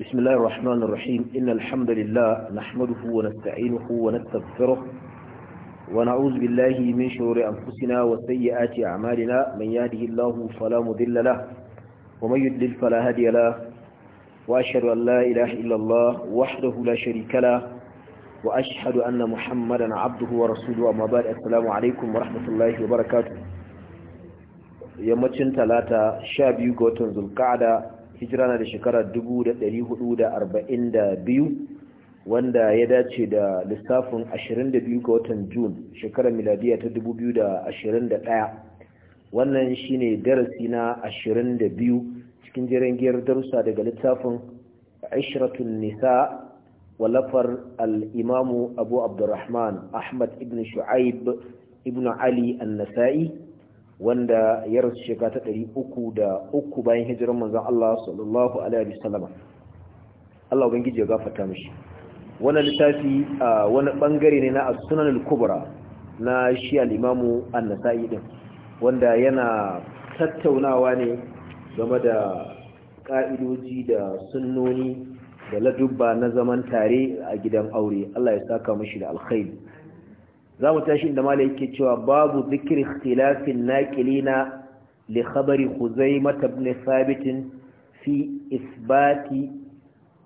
بسم الله الرحمن الرحيم إن الحمد لله نحمده ونستعينه ونستغفره ونعوذ بالله من شرور أنفسنا وسيئات أعمالنا من يهده الله فلا مضل له ومن يضلل فلا هادي له وأشهد أن لا إله إلا الله وحده لا شريك له وأشهد أن محمدا عبده ورسوله أما بعد السلام عليكم ورحمة الله وبركاته يوم تلاتة شاب يوغوتن ذو القعدة hijira na da shekara 1442 wanda ya dace da lissafin 22 ga watan Jun shekara miladiya ta 2021 wannan shine darasi na 22 cikin jiran giyar darussa daga littafin ashiratun Nisa walafar alimamu abu abdurrahman ahmad ibn shu'aib ibn ali علي nasai wanda ya rasu shekara ta ɗari uku da uku bayan hijirar manzan Allah sallallahu alaihi wasallam Allah ubangiji ya gafata mashi. wannan littafi a wani ɓangare ne na as-sunan al-kubra na shi al-imamu an-nasa'i din wanda yana tattaunawa ne game da ka'idoji da sunnoni da ladubba na zaman tare a gidan aure Allah ya saka mashi da alkhairi za mu tashi inda malai yake cewa babu zikir ikhtilafin naqilina li khabari khuzaimah ibn thabit fi isbati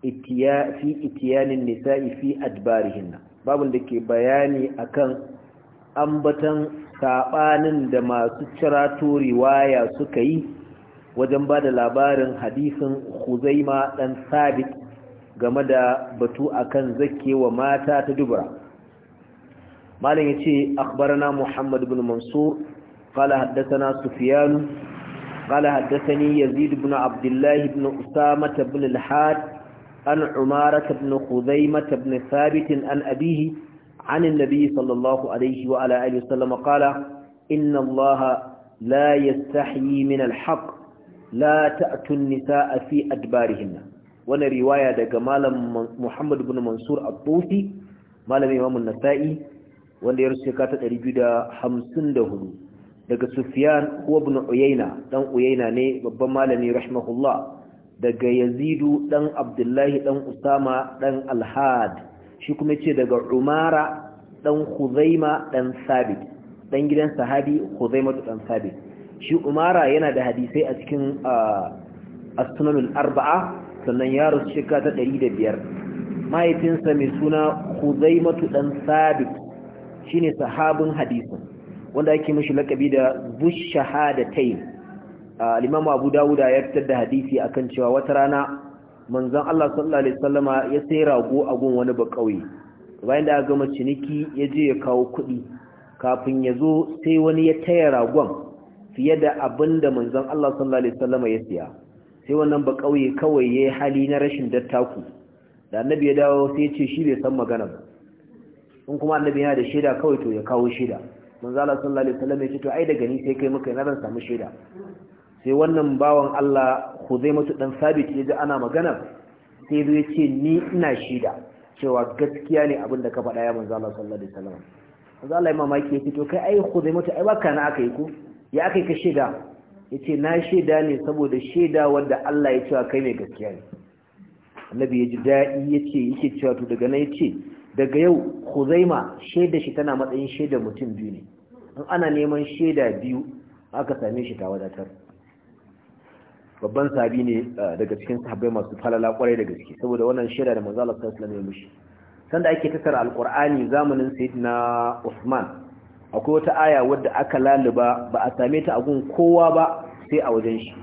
itiya fi itiyanin nisa'i fi adbarihinna babu da ke bayani akan ambatan sabanin da masu cirato riwaya suka yi wajen bada labarin hadisin khuzaima dan thabit game da batu akan zakewa mata ta dubra malam yace akhbarana muhammad bin mansur qala haddathana sufyan qala haddathani yazid ibn abdullah ibn usama ibn al-had an umara ibn khuzaimah ibn thabit an abihi عن النبي صلى الله عليه وعلى آله وسلم قال إن الله لا يستحيي من الحق لا تأتوا النساء fi أدبارهن wani riwaya daga malam Muhammad bin Mansur Abdufi malam Imam Nasa'i wanda ya rasu shekara ta 254 daga sufiyan ko Ibn Uyayna dan Uyayna ne babban malami rahimahullah daga Yazidu dan Abdullahi dan Usama dan alhad shi kuma ce daga Umara dan Khuzaima dan Sabit dan gidan sahabi Khuzaima dan Sabit shi Umara yana da hadisai a cikin as-Sunan arbaa sannan ya rasu ɗari ta biyar mahaifinsa mai suna Khuzaimatu dan Sabit shine sahabin hadisin wanda ake mishi lakabi da bushahadatain al-Imam Abu Dawud ya fitar da hadisi akan cewa wata rana manzon Allah sallallahu alaihi wasallama ya sai rago a gun wani bakauye bayan da gama ciniki ya je ya kawo kuɗi kafin ya zo sai wani ya taya ragon fiye da abinda manzon Allah sallallahu alaihi wasallama ya siya sai wannan bakauye kawai yayi hali na rashin dattaku da annabi ya dawo sai ya ce shi bai san magana ba in kuma annabi yana da shaida kawai to ya kawo shaida manzo Allah sallallahu alaihi wasallam ya ce to ai daga ni sai kai muka na ran samu shaida sai wannan bawan Allah Khuzaimatu dan Sabit ya ji ana magana sai zo ya ce ni ina shaida cewa gaskiya ne abin da ka faɗa ya manzo Allah sallallahu alaihi wasallam manzo Allah imama mamaki ya ce to kai ai Khuzaimatu ai baka na aka yi ku ya akai ka shaida ya ce na shaida ne saboda shaida wanda Allah ya ce kai mai gaskiya ne annabi ya ji daɗi ya ce yake cewa to daga nan ya ce daga yau huzaima shaida shi tana matsayin shaida mutum biyu ne in ana neman shaida biyu aka same shi ta wadatar babban sabi ne ah, daga cikin sahabbai masu falala kwarai da gaske saboda wannan shaida da manzo Allah sallallahu alaihi wasallam sanda ake tattara alqur'ani zamanin sayyidina Usman akwai wata aya wadda aka laluba ba a same ta a gun kowa ba sai a wajen shi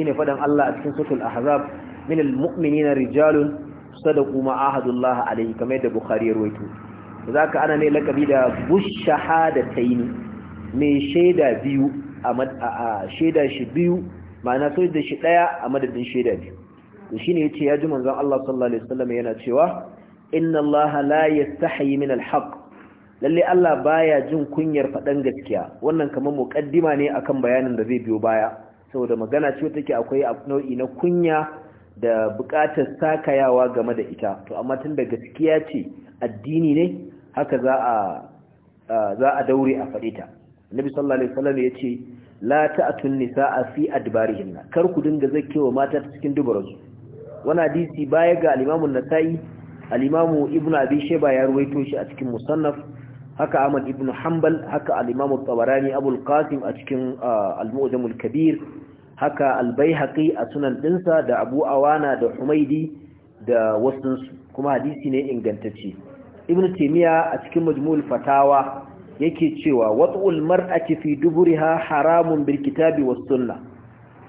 shine fadan Allah a cikin suratul ahzab min almu'minina rijalun sadaku ma ahadullah alaihi kamar yadda bukhari ya rawaito zaka ana ne lakabi da bushahadataini mai shaida biyu a shaida shi biyu ma'ana sai da shi daya a madadin shaida biyu to shine yace ya ji manzon Allah sallallahu alaihi wasallam yana cewa inna Allah la yastahi min alhaq lalle Allah baya jin kunyar fadan gaskiya wannan kamar muqaddima ne akan bayanin da zai biyo baya saboda magana ce take akwai nau'i na kunya da buƙatar sakayawa game da ita to amma tun da gaskiya ce addini ne haka za a za a daure a faɗi ta Nabi sallallahu alaihi wasallam ya ce la ta'tun nisaa fi adbarihinna kar ku dinga zakkewa mata cikin dubaransu wannan hadisi baya ga al-Imam nasai al-Imam Ibn Abi Shayba ya ruwaito shi a cikin Musannaf haka Ahmad ibn Hanbal haka al-Imam at-Tabarani Abu qasim a cikin al-Mu'jam al-Kabir haka albayhaqi a sunan dinsa da abu awana da humaidi da wasunsu kuma hadisi ne ingantacce ibn taymiya a cikin majmu'ul fatawa yake cewa wat'ul mar'ati fi duburiha haramun bil kitabi was sunna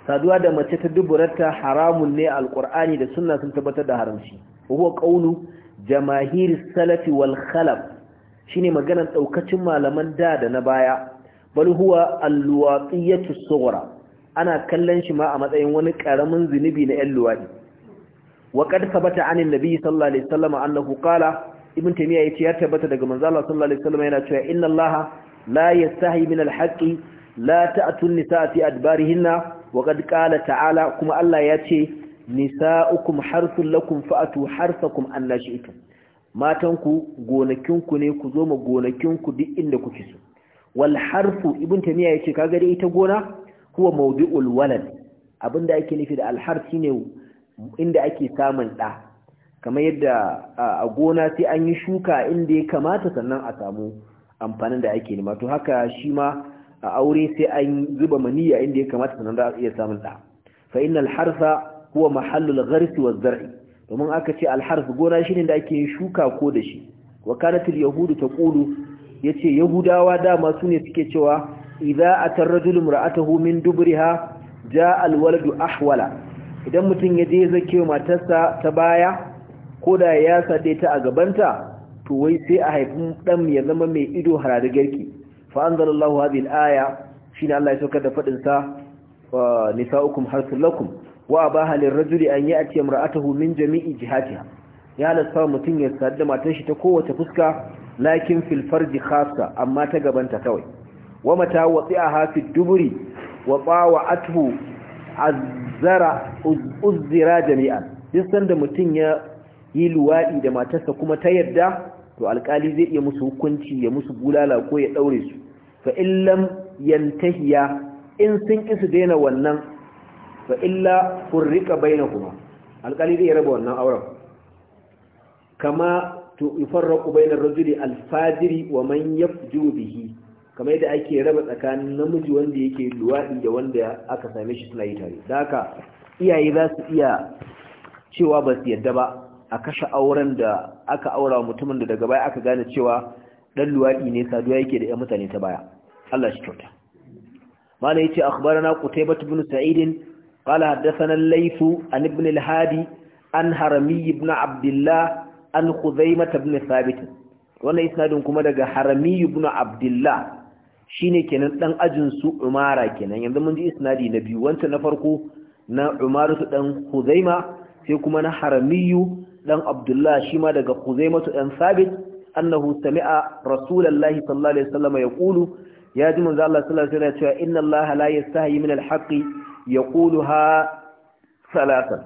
saduwa da mace ta duburarta haramun ne Alƙur'ani da sunna sun tabbatar da haramci huwa qawlu jamahir salafi wal khalaf shine maganar ɗaukacin malaman da da na baya bal huwa al sughra ana kallon shi ma a matsayin wani karamin zunubi na yan luwadi wa bata sabata anin nabi sallallahu alaihi wasallam annahu qala ibn taymiya yace ya tabbata daga Manzala sallallahu yana cewa inna Allah la yastahi min al la ta'tu an-nisaa fi adbarihinna wa qad qala ta'ala kuma Allah ya yace nisa'ukum harthun lakum fa'atu harthakum annashi'tum matanku gonakinku ne ku zo ma gonakinku duk inda kuke so wal harfu ibn tamiya yace kaga dai ita gona huwa mawdi'ul walad abinda ake nufi da alhar shine inda ake samun da kamar yadda a gona sai an yi shuka inda ya kamata sannan a samu amfanin da ake nema to haka shi ma a aure sai an zuba maniyya inda ya kamata sannan za a iya samun da fa innal harfa huwa mahallul gharsi waz zar'i domin aka ce alharf gona shine da ake shuka ko da shi wa ta yahudu taqulu yace yahudawa dama sune suke cewa idza atarrajulu imra'atahu min dubriha jaa alwaladu ahwala idan mutum ya je zake matarsa ta baya ko da ya sade ta a gabanta to wai sai a haifin dan ya zama mai ido harare garki fa anzalallahu hadhihi alaya shine Allah ya saukar da fadin sa nisa'ukum harsul lakum wa abaha lirrajuli an ya'ti imra'atahu min jami'i jihatiha ya halasta mutum ya sadu da matar shi ta kowace fuska lakin fil farji khassa amma ta gabanta kawai Wamata, watsi a fi duburi wa tawa'athu azzara uzira jami'an duk sanda mutum ya yi luwaɗi da matarsa kuma ta yarda to alkali zai iya musu hukunci ya musu bulala ko ya ɗaure su fa illam yantahiya in sun ki su daina wannan fa illa furrika bainahuma alkali zai raba wannan auren kama to yufarraqu bainar rajuli alfajiri wa man yafjuru bihi kamar yadda ake raba tsakanin namiji wanda yake luwaɗi da wanda aka same shi suna yi tare da haka iyaye za su iya cewa ba su yadda ba a kashe auren da aka aura wa mutumin da daga baya aka gane cewa ɗan luwaɗi ne saduwa yake da 'yan mutane ta baya Allah shi kyauta mana yace akhbarana qutaybah ibn sa'id qala haddathana al-laythu an ibn al-hadi an harami ibn abdullah an khuzaimah ibn thabit wannan isnadin kuma daga harami ibn abdullah shine kenan ɗan ajinsu su umara kenan yanzu mun ji isnadi na biyu wanta na farko na umaru ɗan huzaima sai kuma na haramiyu ɗan abdullah shi ma daga huzaimatu ɗan sabit annahu sami'a rasulullahi sallallahu alaihi wasallam yaqulu ya ji manzo Allah sallallahu alaihi wasallam cewa inna Allah la yastahi min al-haqqi yaquluha salatan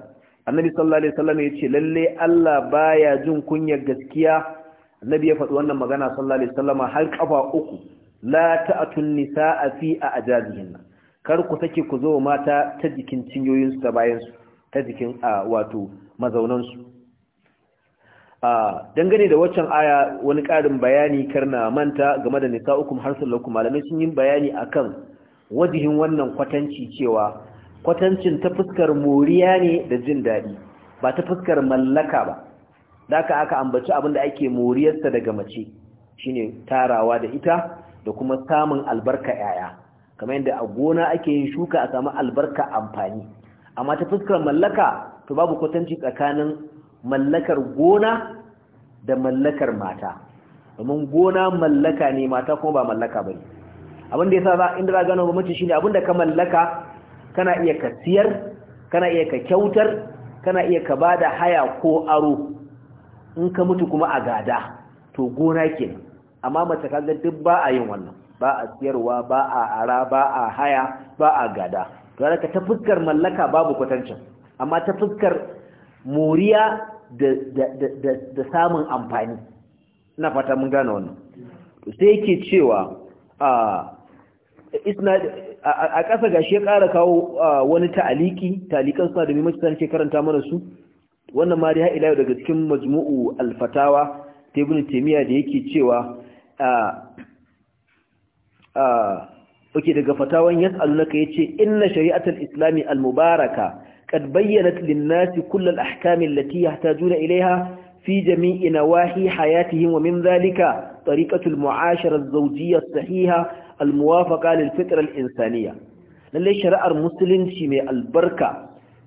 annabi sallallahu alaihi wasallam ce, lalle Allah baya jin kunyar gaskiya annabi ya faɗi wannan magana sallallahu alaihi wasallam har kafa uku la ta'atun nisaa fi ajazihinna kar ku take ku zo mata ta jikin cinyoyin su bayan su ta jikin wato mazaunan su dangane da waccan aya wani karin bayani karna manta game da nisa'ukum harsul lakum malamai sun yi bayani akan wajihin wannan kwatanci cewa kwatancin ta fuskar moriya ne da jin daɗi ba ta fuskar mallaka ba daka aka aka ambaci abin da ake moriyarsa daga mace shine tarawa da ita da kuma samun albarka yaya kamar yadda a gona ake yin shuka a samu albarka amfani amma ta fuskar mallaka to babu kwatanci tsakanin mallakar gona da mallakar mata domin gona mallaka ne mata kuma ba mallaka ne. abin da sa za inda za gano mace shine abin da ka mallaka kana iya ka siyar kana iya ka kyautar kana iya ka ba da haya ko aro in ka mutu kuma a gada to gona kenan amma mace kaga duk ba a yin wannan ba a siyarwa ba a ara ba a haya ba a gada to ka ta fuskar mallaka babu kwatancin amma ta fuskar moriya da samun amfani Ina fata mun gane wannan sai yake cewa a ƙasa gashi ya ƙara kawo wani ta'aliki talikan suna da mimanci ta nake karanta mana su wannan ma dai ila daga cikin majmu'u alfatawa ta ibn taymiya da yake cewa oke daga fatawan yas'alunaka yace inna shari'atar islami al-mubaraka qad bayyanat lin-nasi kull al-ahkam allati yahtajuna fi jami'i nawahi hayatihim wa min zalika tariqatul mu'asharar az sahiha al muwafaƙa lil-fitra al-insaniyya lallai shari'ar musulunci mai albarka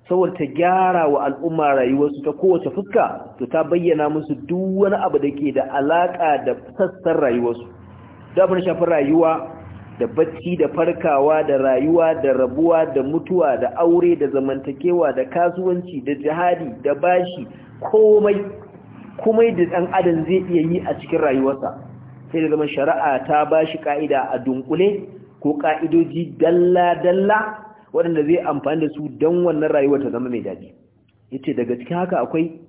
saboda ta gyara wa al'umma rayuwarsu ta kowace fuska to ta bayyana musu duk wani abu da ke da alaƙa da sassan rayuwarsu da abin shafi rayuwa da bacci da farkawa da rayuwa da rabuwa da mutuwa da aure da zamantakewa da kasuwanci da jihadi da bashi komai komai da ɗan adam zai iya yi a cikin rayuwarsa sai da zama shari'a ta bashi ka'ida a dunkule ko ka'idoji dalla-dalla waɗanda zai amfani da su don wannan rayuwar ta zama mai daɗi yace daga cikin haka akwai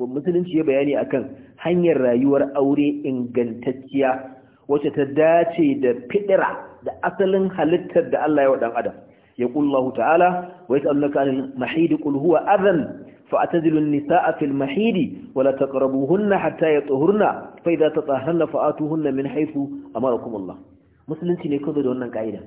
musulunci ya bayani akan hanyar rayuwar aure ingantacciya wacce ta dace da fidira da asalin halittar da Allah ya wa dan adam ya kullahu ta'ala wai yas'aluka anil mahid qul nisa a fa'tazilu an-nisaa fil mahid wa la taqrabuhunna hatta yatuhurna fa idza tatahharna fa'atuhunna min haythu amarakum Allah musulunci ne kazo da wannan kaida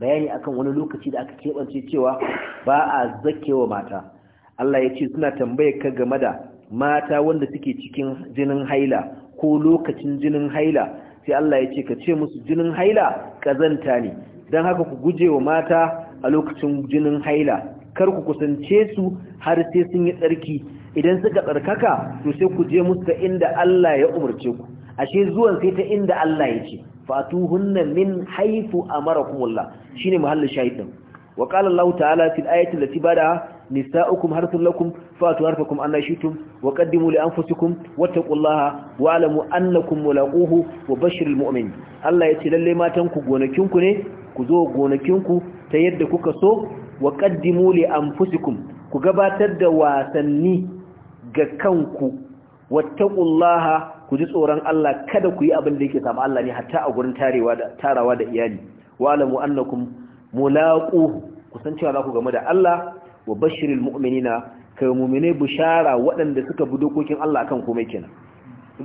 bayani akan wani lokaci da aka keɓance cewa ba a zakewa mata Allah ya ce suna tambayar ka game da mata wanda suke cikin jinin haila ko lokacin jinin haila sai Allah ya ce ka ce musu jinin haila kazanta ne don haka ku guje wa mata a lokacin jinin haila kar ku kusance su har sai sun yi tsarki idan suka tsarkaka to sai ku je musu ta inda Allah ya umarce ku ashe zuwan sai ta inda Allah ya ce fatuhunna min haythu amarakumullah shine mahallin shahid din wa qala Allah ta'ala fil ayati allati bada nisa'ukum harthul lakum fatu harfakum anna shi'tum wa qaddimu li anfusikum wattaqullaha wa'lamu annakum mulaquhu wa bashiril mu'min Allah yace lalle matan ku gonakin ku ne ku zo gonakin ku ta yadda kuka so wa qaddimu li anfusikum ku gabatar da wasanni ga kanku wattaqullaha ku ji tsoron Allah kada ku yi abin da yake samu Allah ne hatta a gurin tarewa da tarawa da iyali wa alamu annakum mulaqu ku san cewa za ku game da Allah wa bashiril mu'minina kai mu'mine bishara waɗanda suka bi dokokin Allah akan komai kenan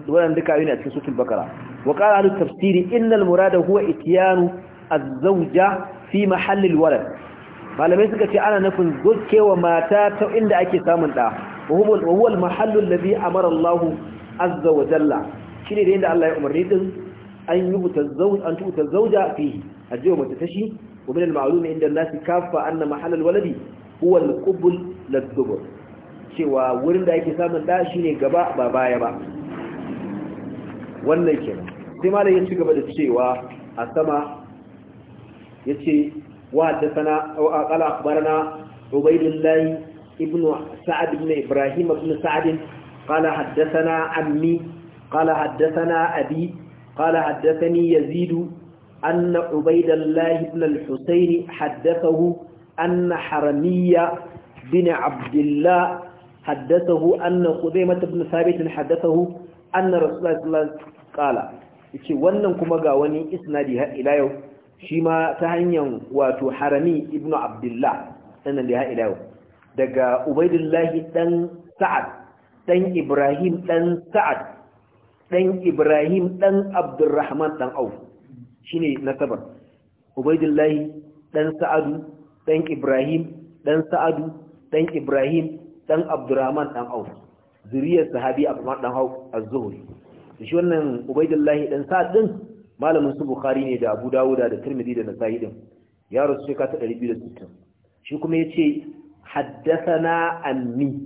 waɗanda duka yana cikin suratul bakara wa qala al tafsiri innal murada huwa Itiyanu az-zawja fi mahallil walad malamai suka ce ana nufin wa mata ta inda ake samun da وهو المحل الذي أمر الله عز وجل شنو دين الله يأمر ريدن أن يبت الزوج أن تؤت الزوجة فيه الجوم تتشي ومن المعلوم عند الناس كافة أن محل الولد هو القبل للدبر cewa wurin da yake samun da shine gaba ba baya ba wannan kenan sai malai ya ci gaba da cewa a sama yace wa hadathana aw aqala akhbarana ubaydillah ابن سعد بن إبراهيم بن سعد قال حدثنا عمي قال حدثنا أبي قال حدثني يزيد أن عبيد الله بن الحسين حدثه أن حرمية بن عبد الله حدثه أن خزيمة بن ثابت حدثه أن رسول الله صلى الله عليه وسلم قال yace wannan kuma ga wani isnadi har ila yau shi ma ta hanyar wato harami ibnu abdullah sannan da har ila yau daga ubaidullahi dan sa'ad dan ibrahim Ɗan sa'ad Ɗan ibrahim Ɗan abdurrahman dan auf shine nasabar ubaidullahi Ɗan sa'adu dan ibrahim dan sa'adu dan ibrahim dan abdurrahman dan auf zuriyar sahabi abdurrahman dan auf az-zuhri shi wannan ubaidullahi Ɗan sa'ad din malamin su bukhari ne da abu dawuda da tirmidhi da nasa'i din ya rasu shekara 260 shi kuma ya ce? haddasana ammi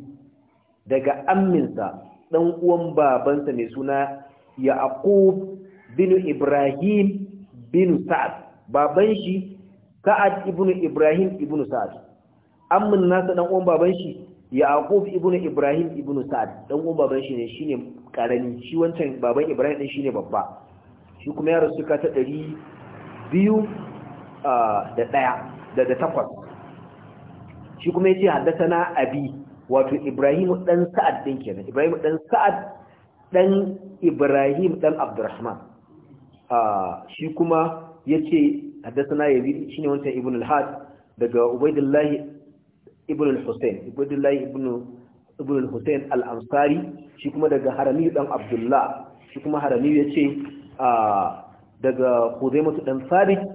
daga amminsa ɗan uwan babansa mai suna yaqub bin ibrahim bin sa'ad baban shi sa'ad ibnu ibrahim ibnu sa'ad ammin nasa ɗan uwan baban shi yaqub ibnu ibrahim ibnu sa'ad ɗan uwan baban shi ne shine karami shi wancan baban ibrahim din shine babba shi kuma ya rasu ka ta ɗari biyu da ɗaya da takwas shi kuma ya yace haddathana abi wato Ibrahim dan Sa'ad din kenan Ibrahim dan Sa'ad dan Ibrahim dan Abdurrahman ah, shi kuma ya haddathana shi ne wancan Ibn al-Had daga ubaidullahi ibn al hussein Ubaydullah ibn al hussein al-Ansari shi kuma daga Harami dan Abdullah shi kuma Harami ya ce, ah, daga Khuzaimah dan Sabit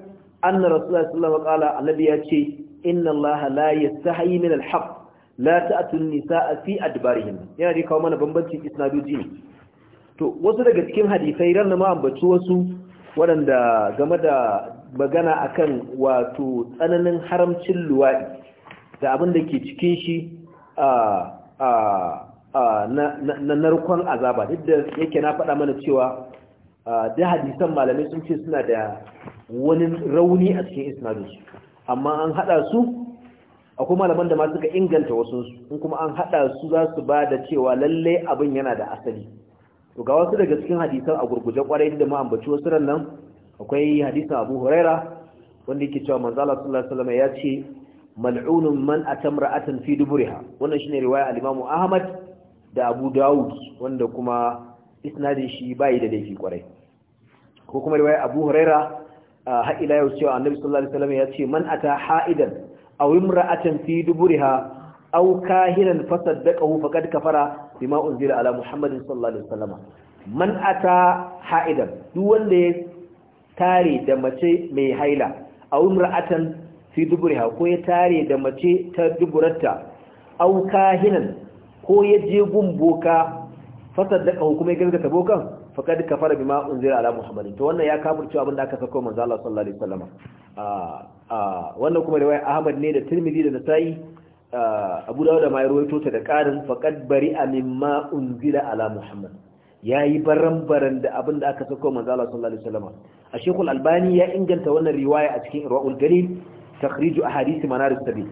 anna Rasulullah sallallahu alaihi wasallam qala annabi ce inna allaha la yastahi min alhaq la ta'tu an-nisaa fi adbarihim yana dai kawo mana bambanci isnadoji ne to wasu daga cikin hadisai ran ma ambaci wasu waɗanda game da magana akan wato tsananin haramcin luwadi da abin da ke cikin shi a na narkon azaba duk da yake na faɗa mana cewa da hadisan malamai sun ce suna da wani rauni a cikin isnadinsu amma an hada su akwai malaman da ma suka inganta wasu in kuma an haɗa su za su ba da cewa lallai abin yana da asali to ga wasu daga cikin hadisan a gurguje kwarai da ma ambaci wasu ran nan akwai hadisin Abu Huraira wanda yake cewa manzo Allah sallallahu alaihi wasallam ya ce mal'unun man atamra'atan fi duburiha wannan shine riwaya al-Imam Ahmad da Abu Dawud wanda kuma isnadin shi bai da laifi kwarai ko kuma riwaya Abu Huraira har ila yau cewa annabi sallallahu alaihi wasallam ya ce man ata ha'idan aw imra'atan fi duburiha aw kahiran fasaddaqahu faqad kafara bima unzila ala muhammadin sallallahu alaihi wasallam man ata ha'idan duk wanda ya tare da mace mai haila aw imra'atan fi duburiha ko ya tare da mace ta duburarta aw kahinan ko ya je gumboka fasaddaqahu kuma ya gaskata bokan faqad kafara bima unzila ala muhammadin to wannan ya kafirce abin da aka sako manzo Allah sallallahu alaihi wasallam wannan kuma riwaya Ahmad ne da Tirmidhi da Nasa'i Abu Dawud da ma rawaito ta da karin faqad bari'a mimma unzila ala muhammad yayi baran-baran da abin da aka sako manzo Allah sallallahu alaihi wasallam a Sheikhul Albani ya inganta wannan riwaya a cikin Irwaul Galil takhrij ahadith manar as-sabil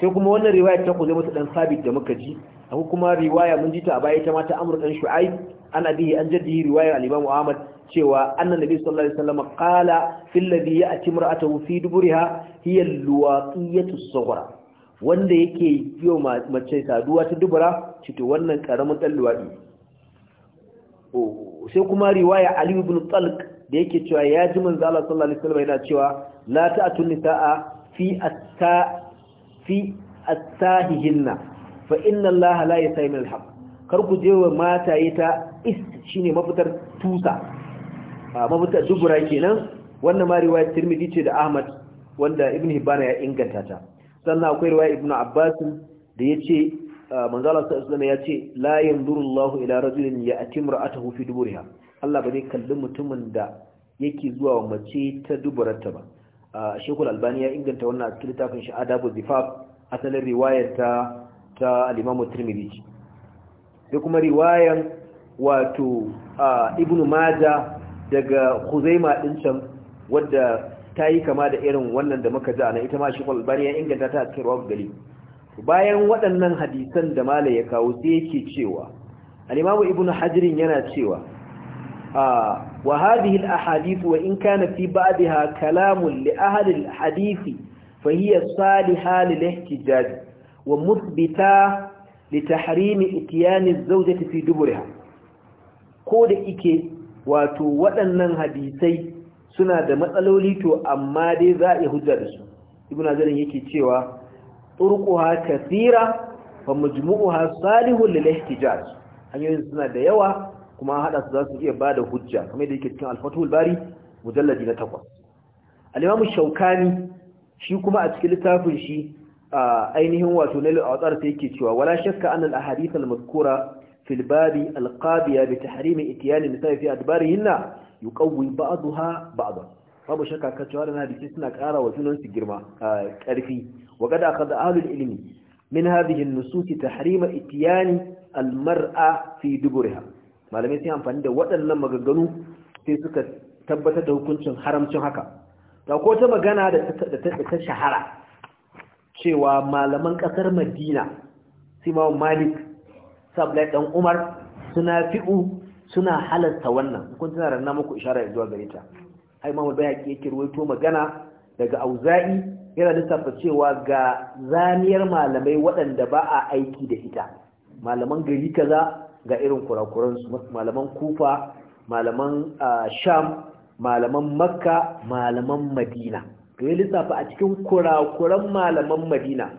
sai kuma wannan riwaya ta ku zama dan sabit da muka ji akwai kuma riwaya mun ta a baya ita mata ta dan shu'aib ana bihi an jaddihi riwaya al-imam ahmad cewa annan nabi sallallahu alaihi wasallam qala fil ladhi ya'ti imra'atuhu fi duburiha hiya al-luwaqiyatu as-sughra wanda yake yiwa mace saduwa ta dubura cito wannan karamin dan luwadi sai kuma riwaya ali ibn talq da yake cewa ya ji manzo Allah sallallahu alaihi wasallam yana cewa la ta'tun nisaa fi atta fi attahihinna fa inna Allah la yasai min kar ku je wa mataye ta is shine mafitar tusa mafitar dubura kenan wannan ma riwayar Tirmidhi ce da Ahmad wanda Ibn Hibban ya inganta ta sannan akwai riwayar Ibn Abbas da yace manzo Allah sallallahu alaihi ya ce la yanzuru Allah ila rajulin ya'ti imra'atahu fi duburiha Allah ba zai kalli mutumin da yake zuwa wa mace ta duburarta ba Shekul Albani ya inganta wannan a cikin littafin shi Adabu Zifaf asalin riwayar ta ta al-Imam Tirmidhi sai kuma riwayan wato ibnu maja daga Khuzaima din can wadda ta yi kama da irin wannan da muka ji ana ita ma shi al ya inganta ta a cikin Rawab Gali bayan waɗannan hadisan da Malam ya kawo sai yake cewa al ibnu hajirin yana cewa wa hadhihi al-ahadith wa in kana fi ba'daha kalamun li ahli al-hadith fa hiya salihah lil-ihtijaj ومثبتا لتحريم اتيان الزوجة في دبرها ko da ike wato waɗannan hadisai suna da matsaloli to amma dai za a hujja da su ibn azarin yake cewa turquha kathira fa majmu'uha salihun lil ihtijaj hanyoyin suna da yawa kuma hada su za su iya bada hujja kamar da yake cikin al-fathul bari mujalladi na 8 al-imam shaukani shi kuma a cikin littafin shi ainihin wato na al'adar ta yake cewa wala shakka annal ahadith al-mazkura fil babi al-qadiya bi tahrim ityan nisa'i fi adbarihinna yuqawwi ba'daha ba'da babu shakka ka cewa na hadisi suna ƙara wa junan su girma ƙarfi wa kada akhadha ahlul ilmi min hadhihi an-nusus tahrim ityan al-mar'a fi duburiha malamai sai amfani da waɗannan maganganu sai suka tabbatar da hukuncin haramcin haka ta ko ta magana da ta shahara cewa malaman ƙasar madina simon malik sablai ɗan umar suna fi'u suna halasta wannan kun tana ranna muku ishara zuwa gare ta ai mamu bai haƙi yake ruwaito magana daga auza'i yana lissafa cewa ga zaniyar malamai waɗanda ba a aiki da ita malaman gari kaza ga irin kurakuransu malaman kufa malaman ah, sham malaman makka malaman madina to ya lissafa a cikin kurakuran malaman madina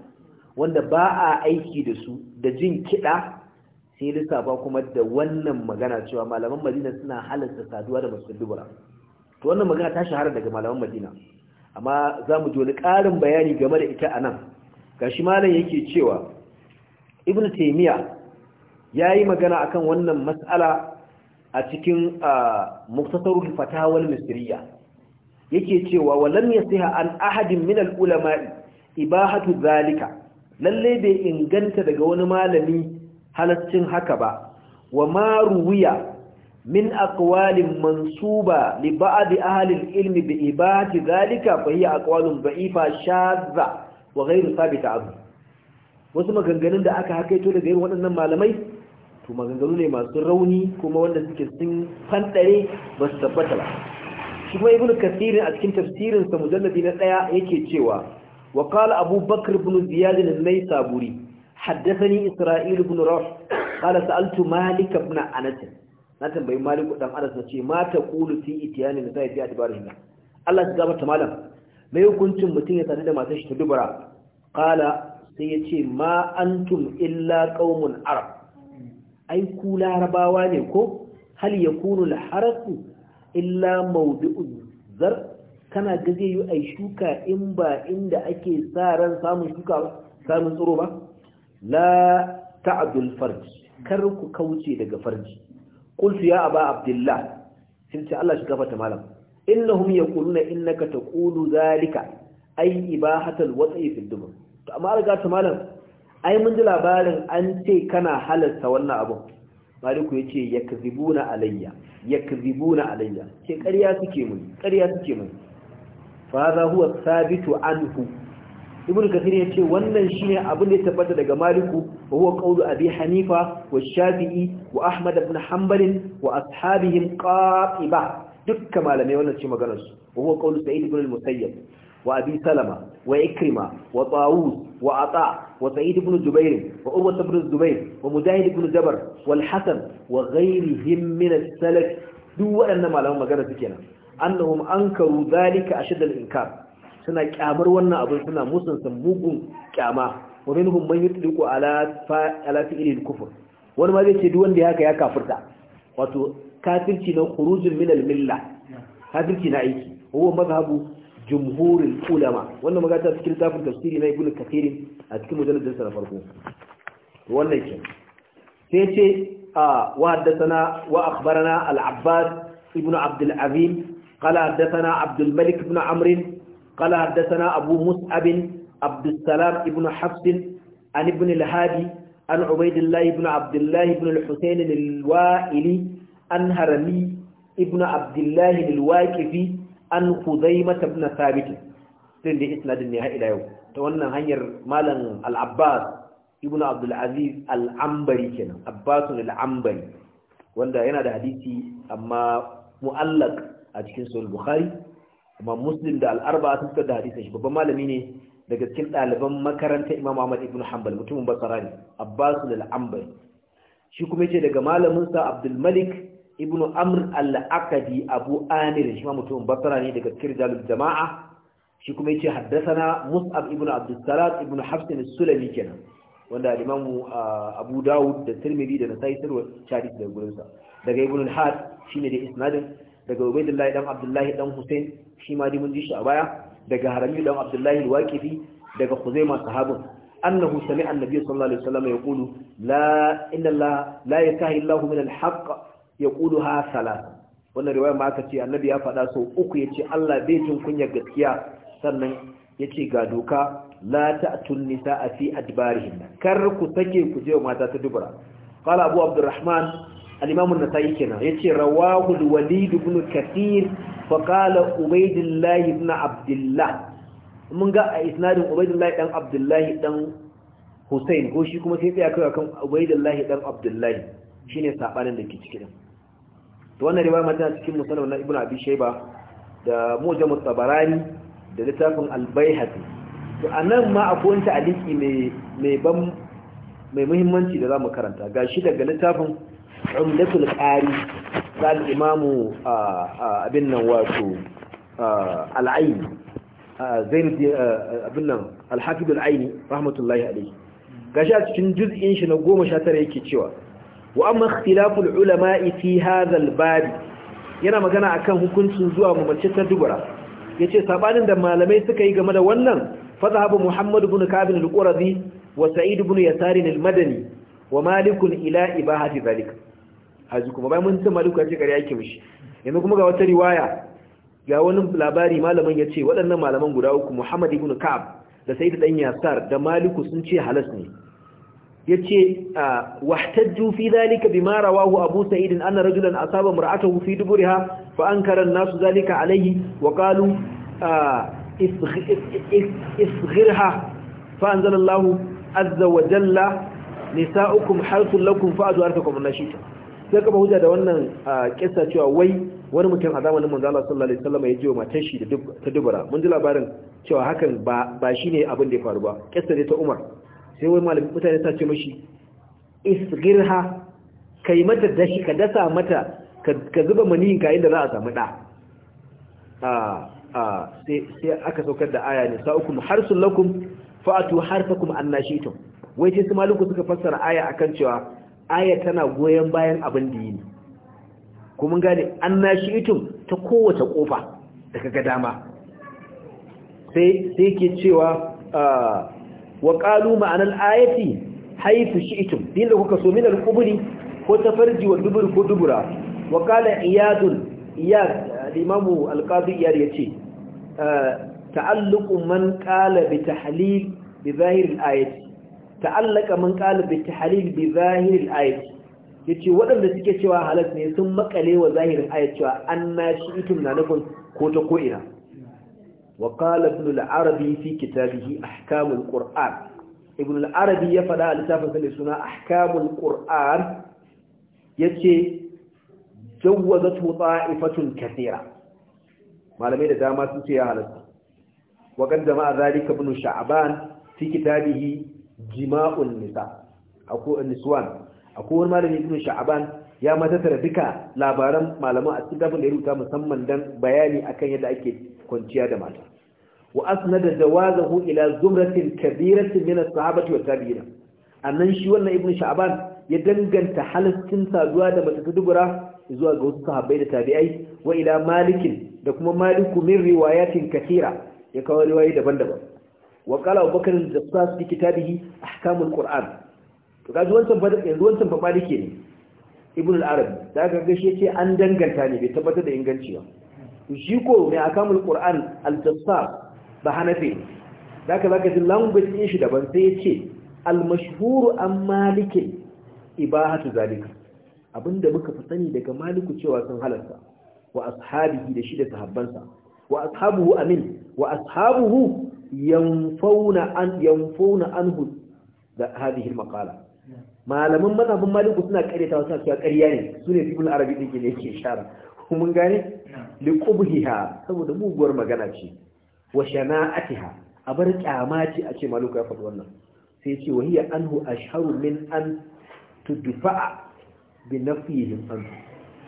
wanda ba a aiki da su da jin kiɗa sai lissafa kuma da wannan magana cewa malaman madina suna halasta saduwa da masu dubura to wannan magana ta shahara daga malaman madina amma za mu ji wani ƙarin bayani game da ita a nan ga shi malam yake cewa ibn taimiyya ya yi magana akan wannan matsala a cikin ah, muktasarul fatawar misriya yake cewa walam yasiha an ahadin min al-ulama'i ibahatu zalika lalle bai inganta daga wani malami halaccin haka ba wa ma ruwiya min aqwalin mansuba li ba'd ahli al-ilm bi ibahati zalika fa hiya aqwalun da'ifa shadha wa ghayr thabita abu wasu maganganun da aka hakaito daga irin waɗannan malamai to maganganu ne masu rauni kuma wanda suke sun fandare ba su tabbata ba shi kuma ibn a cikin tafsirinsa mujalladi na ɗaya yake cewa wa qala abu bakr ibn ziyad al-nay saburi haddathani isra'il ibn rafi qala sa'altu malik ibn anas na tambayi malik dan anas nace ma taqulu fi itiyani nisa fi adbarihi Allah ya gaba ta malam mai hukuncin mutum ya sadu da matar shi ta dubara qala sai yace ma antum illa qaumun arab ai ku larabawa ne ko hal yakunu al-haraku illa maudu'un zar kana ga zai yi shuka in ba inda ake sa ran samun shuka ba samun tsoro ba la ta'dul farji kar ku kauce daga farji qultu ya aba abdullah sai ce Allah shi gafarta malam innahum yaquluna innaka taqulu zalika ay ibahatul wat'i fil dubur to amma riga ta malam ai mun ji labarin an ce kana halarta wannan abu ya yace yakzibuna alayya yakzibuna alayya ce ƙarya suke mun ƙarya suke mun fa hadha huwa thabitu anhu ibnu kathir ce wannan shine abin da ya tabbata daga maliku wa huwa qawlu abi hanifa wa shafi'i wa ahmad ibn hanbal wa ashabihim qa'iba dukkan malamai wannan ce maganar su wa huwa qawlu sa'id ibn al-musayyib وأبي سلمة وإكرمة وطاووس وعطاء وسعيد بن جبير وأروة بن الزبير ومجاهد بن جبر والحسن وغيرهم من السلف دو أنما لهم مجانا سكينا أنهم أنكروا ذلك أشد الإنكار سنة كامر وانا أبو سنة مسلم سموكم كاما ومنهم من يطلق على على فئل الكفر wani ma zai ce duwan da haka ya kafirta wato kafirci na khurujin min al-milla kafirci na aiki huwa mazhabu jumhurin ulama wannan magana cikin littafin tafsiri na ibnu kathir a cikin mujalladin sa na farko wannan ke sai ce wa haddathana wa akhbarana al ibnu abd al-azim قال حدثنا عبد الملك بن عمرو قال حدثنا أبو مصعب عبد السلام بن حفص عن ابن الهادي عن عبيد الله بن عبد الله بن الحسين الوائلي عن هرمي ابن عبد الله الواقفي an Huzaima na Thabit din da isnadin ne ha ila yau ta wannan hanyar malam Al-Abbas ibn Abdul Aziz Al-Ambari kenan Abbas Al-Ambari wanda yana da hadisi amma mu'allaq a cikin sahih Bukhari amma Muslim da Al-Arba'a sun fitar da hadisin shi babban malami ne daga cikin ɗaliban makaranta Imam Ahmad ibn Hanbal mutumin Basra ne Abbas Al-Ambari shi kuma yace daga malamin sa Abdul Malik Ibnu amr al-akadi abu amir shi ma mutumin basara ne daga kirjalul jama'a shi kuma yace haddathana mus'ab ibn abdussalam ibn hafs as-sulami kenan wanda al-imamu ah, abu dawud da tirmidhi da nasai sirwa shari da gurin sa daga Ibnu al-had shine da isnadin daga ubaydullah dan abdullahi dan husain shi ma dai mun ji shi a baya daga harami dan abdullahi al-waqifi daga khuzaimah sahabun أنه سمع النبي صلى الله عليه وسلم يقول لا إن الله لا يكاهي الله من الحق ya ƙudu ha salat wannan riwayar ma aka ce annabi ya faɗa sau uku ya ce Allah bai jin kunyar gaskiya sannan ya ce ga doka la ta tun nisa a fi adbarihin kar ku sake ku je mata ta dubura qala abu abdurrahman al-imam an-nasai kenan yace rawahu al-walid ibn kathir fa qala ubaydillah ibn abdullah mun ga a isnadin ubaydillah dan abdullah dan husain ko shi kuma sai tsaya kai kan ubaydillah dan abdullah shine sabanin da ke cikin to wannan riwaya tana cikin musannaf na ibnu abi shayba da mujam tabarani da littafin al-baihaqi to anan ma akwai wani ta'aliki mai mai ban mai muhimmanci da zamu karanta gashi daga littafin umdatul qari wato al-ayn zain abin nan al al-ayn rahmatullahi alayhi gashi a cikin juz'in shi na goma sha tara yake cewa wa amma ikhtilaful ulama'i fi hadha al yana magana akan hukuncin zuwa mamace ta dubura yace sabanin da malamai suka yi game da wannan fa zahaba muhammad ibn ka'b al wa sa'id ibn yasar madani wa malik ila ibahati zalika haji kuma bai mun ce malik ya ce kare yake mishi yanzu kuma ga wata riwaya ga wani labari malamin yace waɗannan malaman guda uku muhammad ibn ka'b da sa'id dan yasar da maliku sun ce halas ne yace ah, wahtajju fi dhalika bima rawahu abu sa'id anna rajulan asaba mar'atahu fi duburiha fa ankara an nasu dhalika alayhi wa qalu ah, isghirha fa anzala Allahu azza wa jalla nisa'ukum harthun lakum fa'adu harthakum annashita sai kuma hujja da wannan ah, kissa cewa wai wani mutum a zamanin manzo Allah sallallahu alaihi wasallam ya jiwa matar shi ta dubura mun ji labarin cewa hakan ba ba shine abin da ya faru ba kissa ne ta Umar sai wai malamin mutane ta ce mashi isgirha kai mata dashi ka dasa mata ka zuba maniyin ka inda za a samu da sai aka saukar da aya ne sa'ukum harsun lakum fa'atu harfakum annashitum wai sai su suka fassara aya akan cewa aya tana goyon bayan abin da yi ne kuma gane annashitum ta kowace kofa daga ga dama sai ke cewa wa qalu ma'anal ayati haythu shi'tum din da kuka so min al-qubri ko tafarji wa dubur ko dubura wa qala iyadun iyad al-imamu al-qadi iyad yace eh, ta'alluqu man qala bi tahlil bi zahir al-ayati ta'allaka man qala bi tahlil bi zahir al-ayati yace waɗanda suke cewa halas ne sun makale wa zahirin ayat cewa anna shi'tum na nufin ko ta ko ina وقال ابن العربي في كتابه احكام القران ابن العربي يفدا لتافه في سنه احكام القران يتي جوزت طائفه كثيره malamai da dama sun ce ya halatta wakan jama'a zalika ibn sha'ban fi kitabihi jima'ul nisa akwai niswan akwai wani malami ibn sha'ban ya ma tattara duka labaran malaman a cikin gafin da ya rubuta musamman dan bayani akan yadda ake kwanciya da mata wa asnada jawazahu ila zumratin kabiratin min as-sahabati wa tabi'ina annan shi wannan ibnu sha'ban ya danganta halaccin saduwa da mata dubura zuwa ga wasu sahabbai da tabi'ai wa ila malikin da kuma maliku min riwayatin kathira ya kawo riwayoyi daban-daban wa qala abubakar da sas fi kitabihi ahkamul qur'an to ga wancan ba yanzu wancan fa maliki ne ibn al-arabi da aka ga shi an danganta ne bai tabbatar da inganci ba shi ko ne akamul qur'an al-tafsir ba hanafi da aka zaka ji language din shi daban sai yace al mashhuru an maliki ibahatu zalika abinda muka fi sani daga maliku cewa sun halarta wa ashabihi da shi da sahabbansa wa ashabuhu amin wa ashabuhu yanfauna an yanfauna anhu da hadhihi al-maqala malaman mazhabin maliku suna karyata wasu cewa ƙarya ne su ne ibn arabi din ke ne yake shara mun gane qubhiha saboda muguwar magana ce wa shana'atiha a bar kyama ce a ce maliku ya faɗi wannan sai ce wa hiya anhu ashharu min an tudfa'a bi nafihi an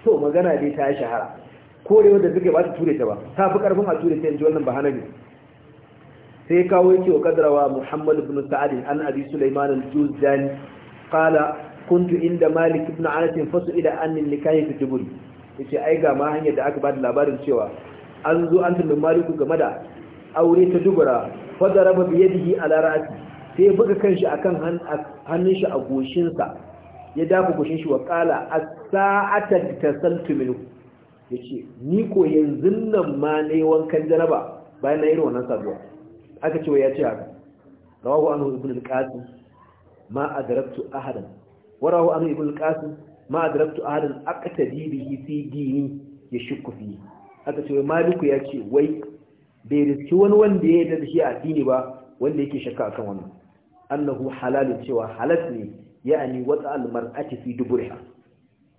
so magana dai ta shahara korewa wanda zuke ba ta ture ta ba ta fi karfin a ture ta yanzu wannan ba hanabi sai kawo yake wa kadrawa muhammad ibn sa'ad an abi sulaiman al-juzani قال kuntu inda malik بن anas fasu ila an nikahi fi jubur yace ai ga ma hanyar da aka ba da labarin cewa an zo an tambayi maliku game da aure ta dubura fa raba bi yadihi ala ra'si sai buga kanshi akan hannun shi a goshinsa ya dafa goshin shi wa qala as-sa'ata tasaltu minhu yace ni ko yanzu nan ma ne wankan janaba bayan na irin wannan saduwa aka ce ya ce haka rawahu anhu ibn al-qasim ما أدركت أحدا وراه أن ابن القاسم ما أدركت أحدا أقتدي به في ديني يشك فيه haka ce maliku ya ce wai bai riski wani wanda ya da shi addini ba wanda yake shakka akan wannan annahu halal cewa halal ne ya'ani wata almar'ati fi duburiha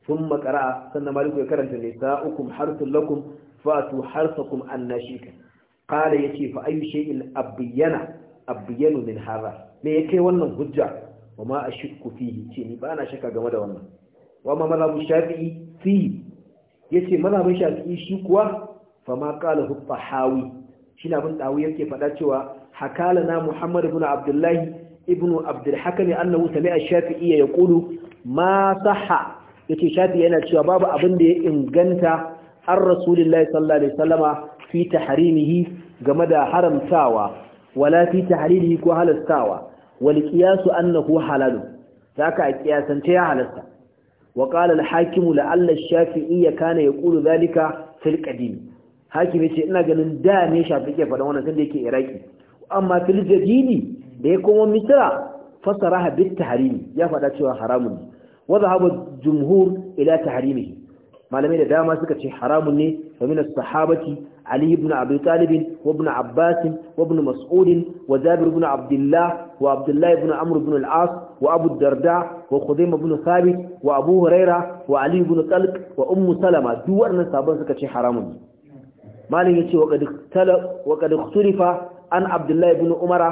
thumma qara'a sannan maliku ya karanta ne sa'ukum harsul lakum fatu harsakum annashika qala yace fa ayu shay'in abyana abyanu min hadha me ya yake wannan hujja wa ma ashku fihi ce ni ba na shaka game da wannan wa ma mazhabu shafi'i fihi yace mazhabin shafi'i shi kuwa fa ma qala hu hawi. shi na bin dawo yake faɗa cewa hakalana muhammad ibn abdullahi ibn abdul hakim annahu sami'a shafi'i yaqulu ma sahha yace shafi yana cewa babu abin da ya inganta an rasulullahi sallallahu alaihi wasallama fi tahrimihi game da haramtawa wala fi tahrimihi ko halastawa wal qiyasu annahu halal zaka a qiyasance ya halasta wa qala al hakim la'alla shafi'i kana yaqulu zalika fil Hakimi ce ina ganin da ne shafi ke faɗan wannan sanda yake iraki amma fil jadidi da ya koma misra fasaraha bit tahrim ya faɗa cewa haramun wa dhahaba jumhur ila tahrimihi malamai da dama suka ce haramun ne wa min as-sahabati Ali ibn Abi Talib wa ibn Abbas wa ibn Mas'ud wa Jabir ibn Abdullah wa Abdullah ibn Amr ibn al-As wa Abu Darda wa Khuzaimah ibn Thabit wa Abu Huraira wa Ali ibn Talq wa Ummu Salama duk wannan sabon suka ce haramun malin yace wa qad tala wa qad ikhtalifa an Abdullah ibn Umar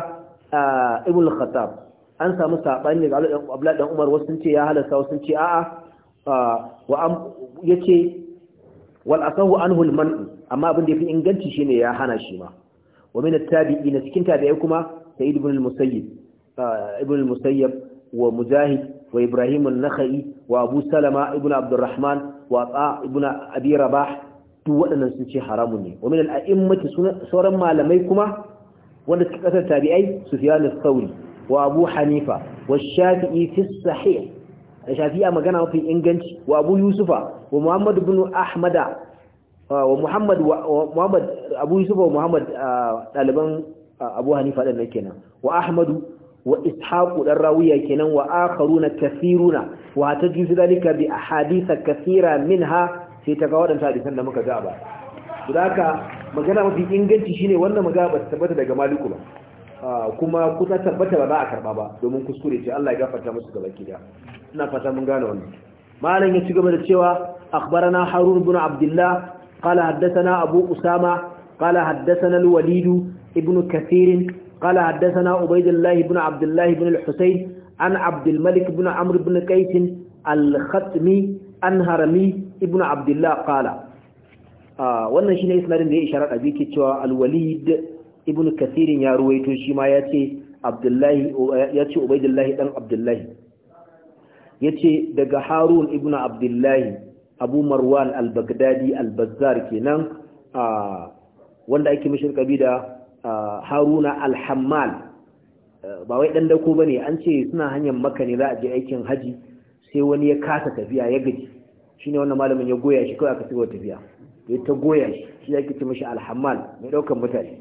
ah, ibn al-Khattab an samu sabani daga Abdullah ibn Umar wasu sun ce ya halasta wasu sun ce a'a ya ce wal'asahu an hulman amma abin da ya fi inganci shi ne ya hana shi ma wani tabi'i na cikin tabi'ai kuma ta ibn al-musayyab wa mujahid wa ibrahim al-nakhai wa abu salama ibn abdurrahman wa ta ibn abi rabah waɗannan sun ce haramun ne wani minar a'immati sauran malamai kuma wanda suka kasar tabi'ai sufyan na sauri wa abu hanifa wa shafi'i fi sahih da shafi'a magana mafi inganci wa abu yusufa wa Muhammadu ibn ahmada wa muhammad wa muhammad abu yusufa wa Muhammadu ɗaliban abu hanifa din kenan wa ahmadu wa ishaqu ɗan rawiya kenan wa akharuna kathiruna wa tajizu dalika bi ahadith kathira minha sai ta ga wadannan hadisan da muka ga ba haka magana mafi inganci shine wannan magana ba ta tabbata daga maliku ba kuma kusa tabbata ba za a karɓa ba domin kuskure ce Allah ya gafarta musu gaba ki ina fata mun gane wannan malam ya ci gaba da cewa akhbarana harun ibn abdullah qala haddathana abu usama qala haddathana al-walid ibn kathir qala haddathana ubaydullah ibn abdullah ibn al-husayn an abdul malik ibn amr ibn qais al-khatmi an harami ibn abdullah qala ah, wannan shine isnadin da ya isharar abi ke cewa al-walid ibn kathir ya ruwaito shi ma yace abdullahi yace ubaydullahi dan abdullahi yace daga harun ibn abdullahi abu marwan al-baghdadi al-bazzar kenan wanda ake mishi kabi da haruna al-hammal ba wai dan dako bane an ce suna hanyar makka ne za a je aikin haji sai wani ya kasa tafiya ya gaji shine wannan malamin ya goya shi kawai aka tsigo tafiya ya ta goya shi shi yake ce mishi al-hammal mai daukan mutane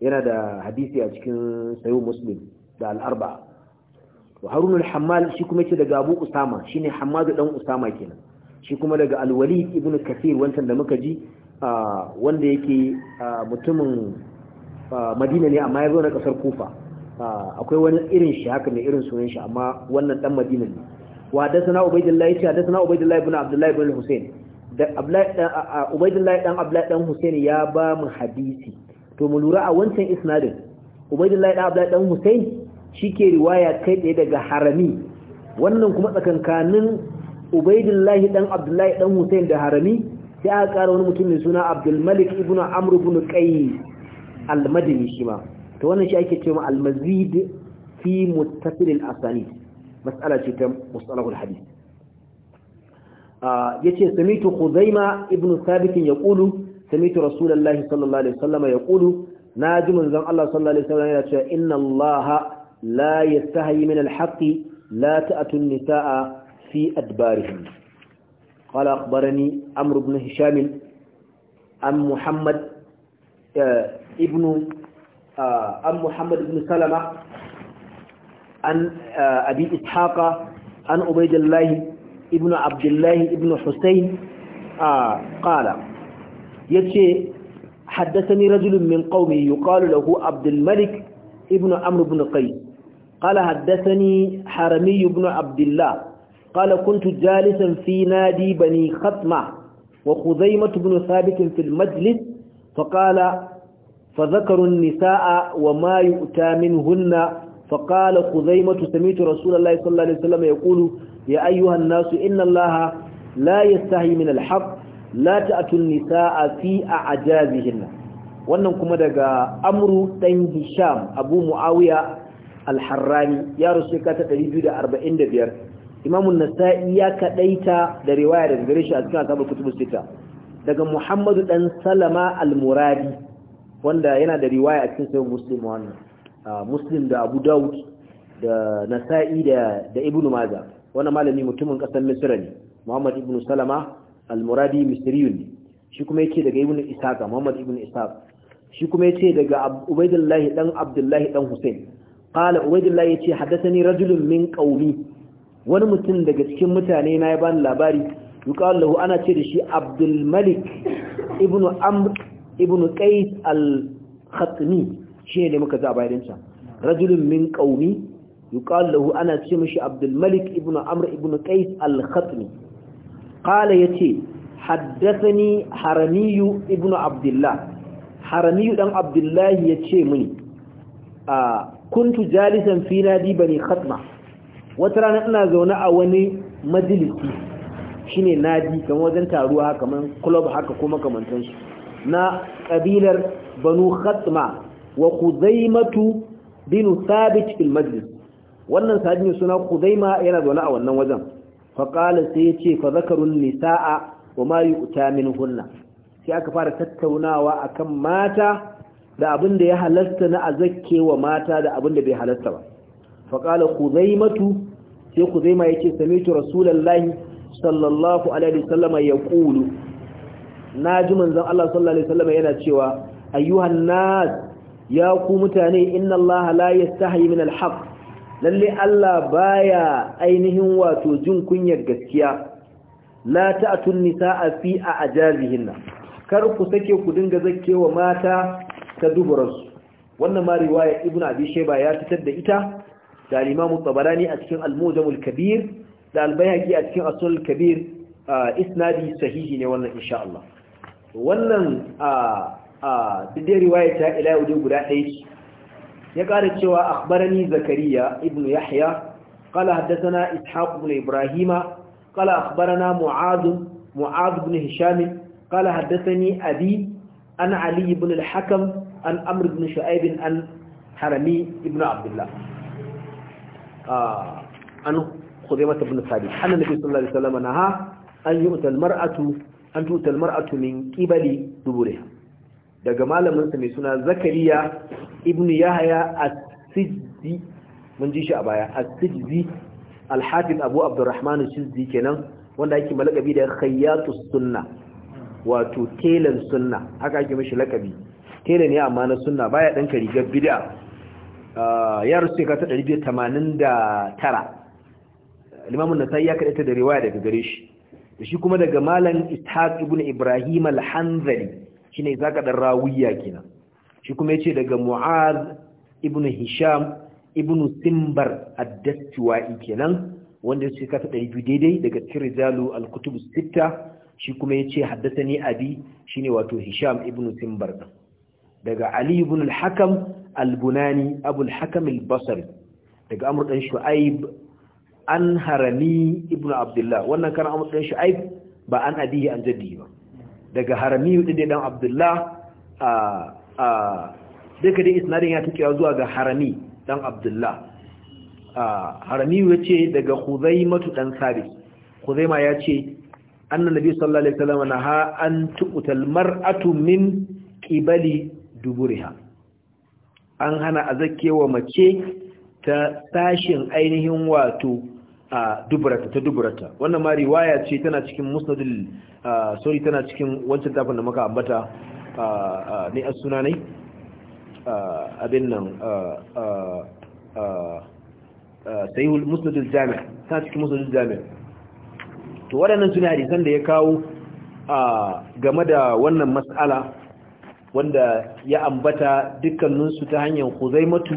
yana da hadisi a cikin sayo muslim da al-arba'a wa harunul al-hammal shi kuma yake daga abu usama shine hammadu dan usama kenan shi kuma daga Alwali ibn kathir wancan da muka ji wanda yake mutumin madina ne amma ya zo na kasar kufa akwai wani irin shi haka mai irin sunan shi amma wannan dan madina ne wa hadathana ubaydullah da sana ubaydullah ibn Abdullahi ibn Hussein da ubaydullah dan abdullahi dan husayn ya ba mu hadisi to mu lura a wancan isnadin ubaydullah dan Abdullahi dan husayn shi ke riwaya kai tsaye daga harami wannan kuma tsakankanin ubaidillahi dan abdullahi dan hussein da harami sai aka ƙara wani mutum mai suna abdulmalik ibn amr ibn qais al-madini shi ma to wannan shi ake cewa al-mazid fi muttasil al-asanid mas'ala ce ta musalahul hadith ah, yace samitu khuzaima ibn thabit yaqulu samitu rasulullahi sallallahu alaihi wasallam yaqulu naji manzon Allah sallallahu alaihi wasallam ya ce inna allaha لا يستحي من الحق لا تأتوا النساء في أدبارهم قال أخبرني عمرو بن هشام عن محمد آه، ابن عن آه، محمد بن سلمة عن آه، أبي إسحاق عن عبيد الله ابن عبد الله ابن حسين قال يتشي حدثني رجل من قومه يقال له عبد الملك ابن عمرو بن قيس قال حدثني حرمي بن عبد الله قال كنت جالسا في نادي بني خطمة وخزيمة بن ثابت في المجلس فقال فذكروا النساء وما يؤتى منهن فقال خزيمة سمعت رسول الله صلى الله عليه وسلم يقول يا أيها الناس إن الله لا يستحي من الحق لا تأتوا النساء في أعجازهن wannan kuma daga amru dan hisham abu muawiya al-harrani ya rusu ka ta 245 imamu nasa'i ya kadaita da riwaya daga gare shi a cikin asabar kutubu sita daga muhammadu dan salama al-muradi wanda yana da riwaya a cikin sahih muslim wannan muslim da abu daud da nasa'i da da ibnu maza wannan malami mutumin kasar misra ne muhammad ibnu salama al-muradi misriyun ne shi kuma yake daga ibnu Isaka, muhammad ibnu Isaka. shi kuma yace daga ubaidullahi dan abdullahi dan husain qala ubaydullah yace haddathani rajulun min qaumi wani mutum daga cikin mutane na ya bani labari yuqalu lahu ana ce da shi abdul malik ibnu amr ibnu qais al khatmi shi ne muka za bayan sa rajulun min qaumi yuqalu lahu ana ce mishi abdul malik ibnu amr ibnu qais al khatmi ya ce, haddasani haramiyu ibnu abdullah haramiyu dan abdullahi yace mini a ah, kuntu jalisan fi nadi bani khatma wata rana ina zaune a wani majalisi shine nadi kamar wajen taruwa haka man club haka kuma makamantan shi na kabilar banu khatma wa kuzaimatu bin thabit fil majlis wannan sahabi suna kuzaima yana zaune a wannan wajen fa qala sai yace fa zakarun nisaa wa ma yu'ta minhunna sai aka fara tattaunawa akan mata da abin da ya halasta na azakke wa mata da abin da bai halasta ba faƙala kuzaimatu sai kuzaima ya ce samitu rasulallahi sallallahu alaihi wasallama ya ƙulu na ji manzan Allah sallallahu alaihi yana cewa ayyuhan nas ya ku mutane inna Allah la yastahi min alhaq lalle Allah baya ainihin wato jin kunyar gaskiya la ta'tun nisaa fi ajazihinna kar ku sake ku dinga zakkewa mata ta duburansu wannan ma riwaya ibn abi shayba ya fitar da ita da al-imam tabarani a cikin al-mujamul kabir da al-bayhaqi a cikin as-sunan kabir isnadi sahihi ne wannan insha Allah wannan a a riwaya ta ila yau guda ɗaya ya ƙara cewa akhbarani zakariya ibn yahya قال حدثنا إسحاق بن إبراهيم قال أخبرنا معاذ معاذ بن هشام قال حدثني أبي أن علي بن الحكم an amr ibn shu'aib an harami ibn abdullah an khuzaimah ibn thabit anna nabi sallallahu alaihi wasallam naha an yu'ta al-mar'atu an tu'ta al-mar'atu min qibali duburiha daga malamin sa mai suna zakariya ibn yahya as mun ji shi a baya as-sijzi al-hafiz abu abdurrahman as kenan wanda yake malakabi da khayyatus sunna wato telan sunna haka ake mishi lakabi tela ne amma na sunna baya dan ka rigar bid'a ah, ya rusu ka ta 189 Imam an-Nasa'i ya ta da riwaya daga gare shi shi kuma daga malam Ishaq ibn Ibrahim al-Hanzali shine zaka dan rawiya kenan shi kuma yace daga Mu'az ibn Hisham ibn simbar addastiwa'i kenan wanda shi ka ɗari biyu daidai daga tirzalu al-kutub sitta shi kuma yace haddathani abi shine wato hisham ibn simbar daga Ali ibn al-Hakam al-Bunani Abu al-Hakam al-Basri daga Amr dan Shu'aib an Harami ibn Abdullah wannan kana Amr dan Shu'aib ba an abihi an jaddi ba daga Harami din dan Abdullah a a duka dai isnadin ya tukewa zuwa ga Harami dan Abdullah a Harami wace daga Khuzaimah dan Sabit Khuzaima ya annan annabi sallallahu alaihi wasallam ha an tuqtal mar'atu min qibali duburiha an hana a wa mace ta sashin ainihin wato a duburata ta duburata wannan ma riwaya ce tana cikin musnadul sorry tana cikin wancan tafin da muka ambata ne a suna ne abin nan sai musnadul jami'a tana cikin musnadul jami'a to waɗannan suna hadisan da ya kawo game da wannan mas'ala wanda ya ambata dukkaninsu ta hanyar matu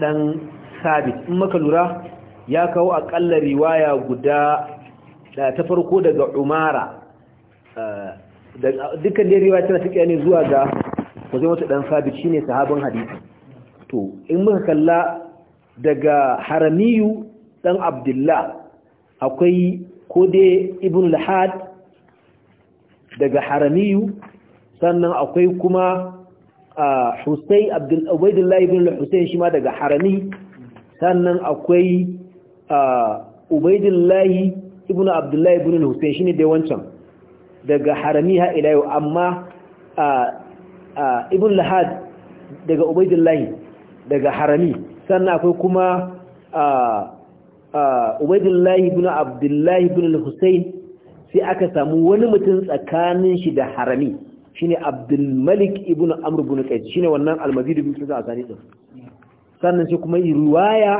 ɗan sabit in maka lura ya kawo aƙalla riwaya guda eh, ta farko daga umara eh, dukkan da riwaya tana tafiya ne zuwa ga matu ɗan sabit ne sahabin hadith to in muka kalla daga haramiyu ɗan abdullah akwai kode ibn lahad daga haramiyu sannan akwai kuma Hussein Abdul Ubaidullahi ibn Hussein shi ma daga Harami sannan akwai Ubaidullahi ibn Abdullahi ibn Hussein ne dai wancan daga Harami ha ila yau amma ibn Lahad daga Ubaidullahi daga Harami sannan akwai kuma Ubaidullahi ibn Abdullahi ibn Hussein sai aka samu wani mutum tsakanin shi da Harami shine Abdul Malik ibn Amr ibn Qais shine wannan al-Mazid ibn Sa'd asani din sannan sai kuma riwaya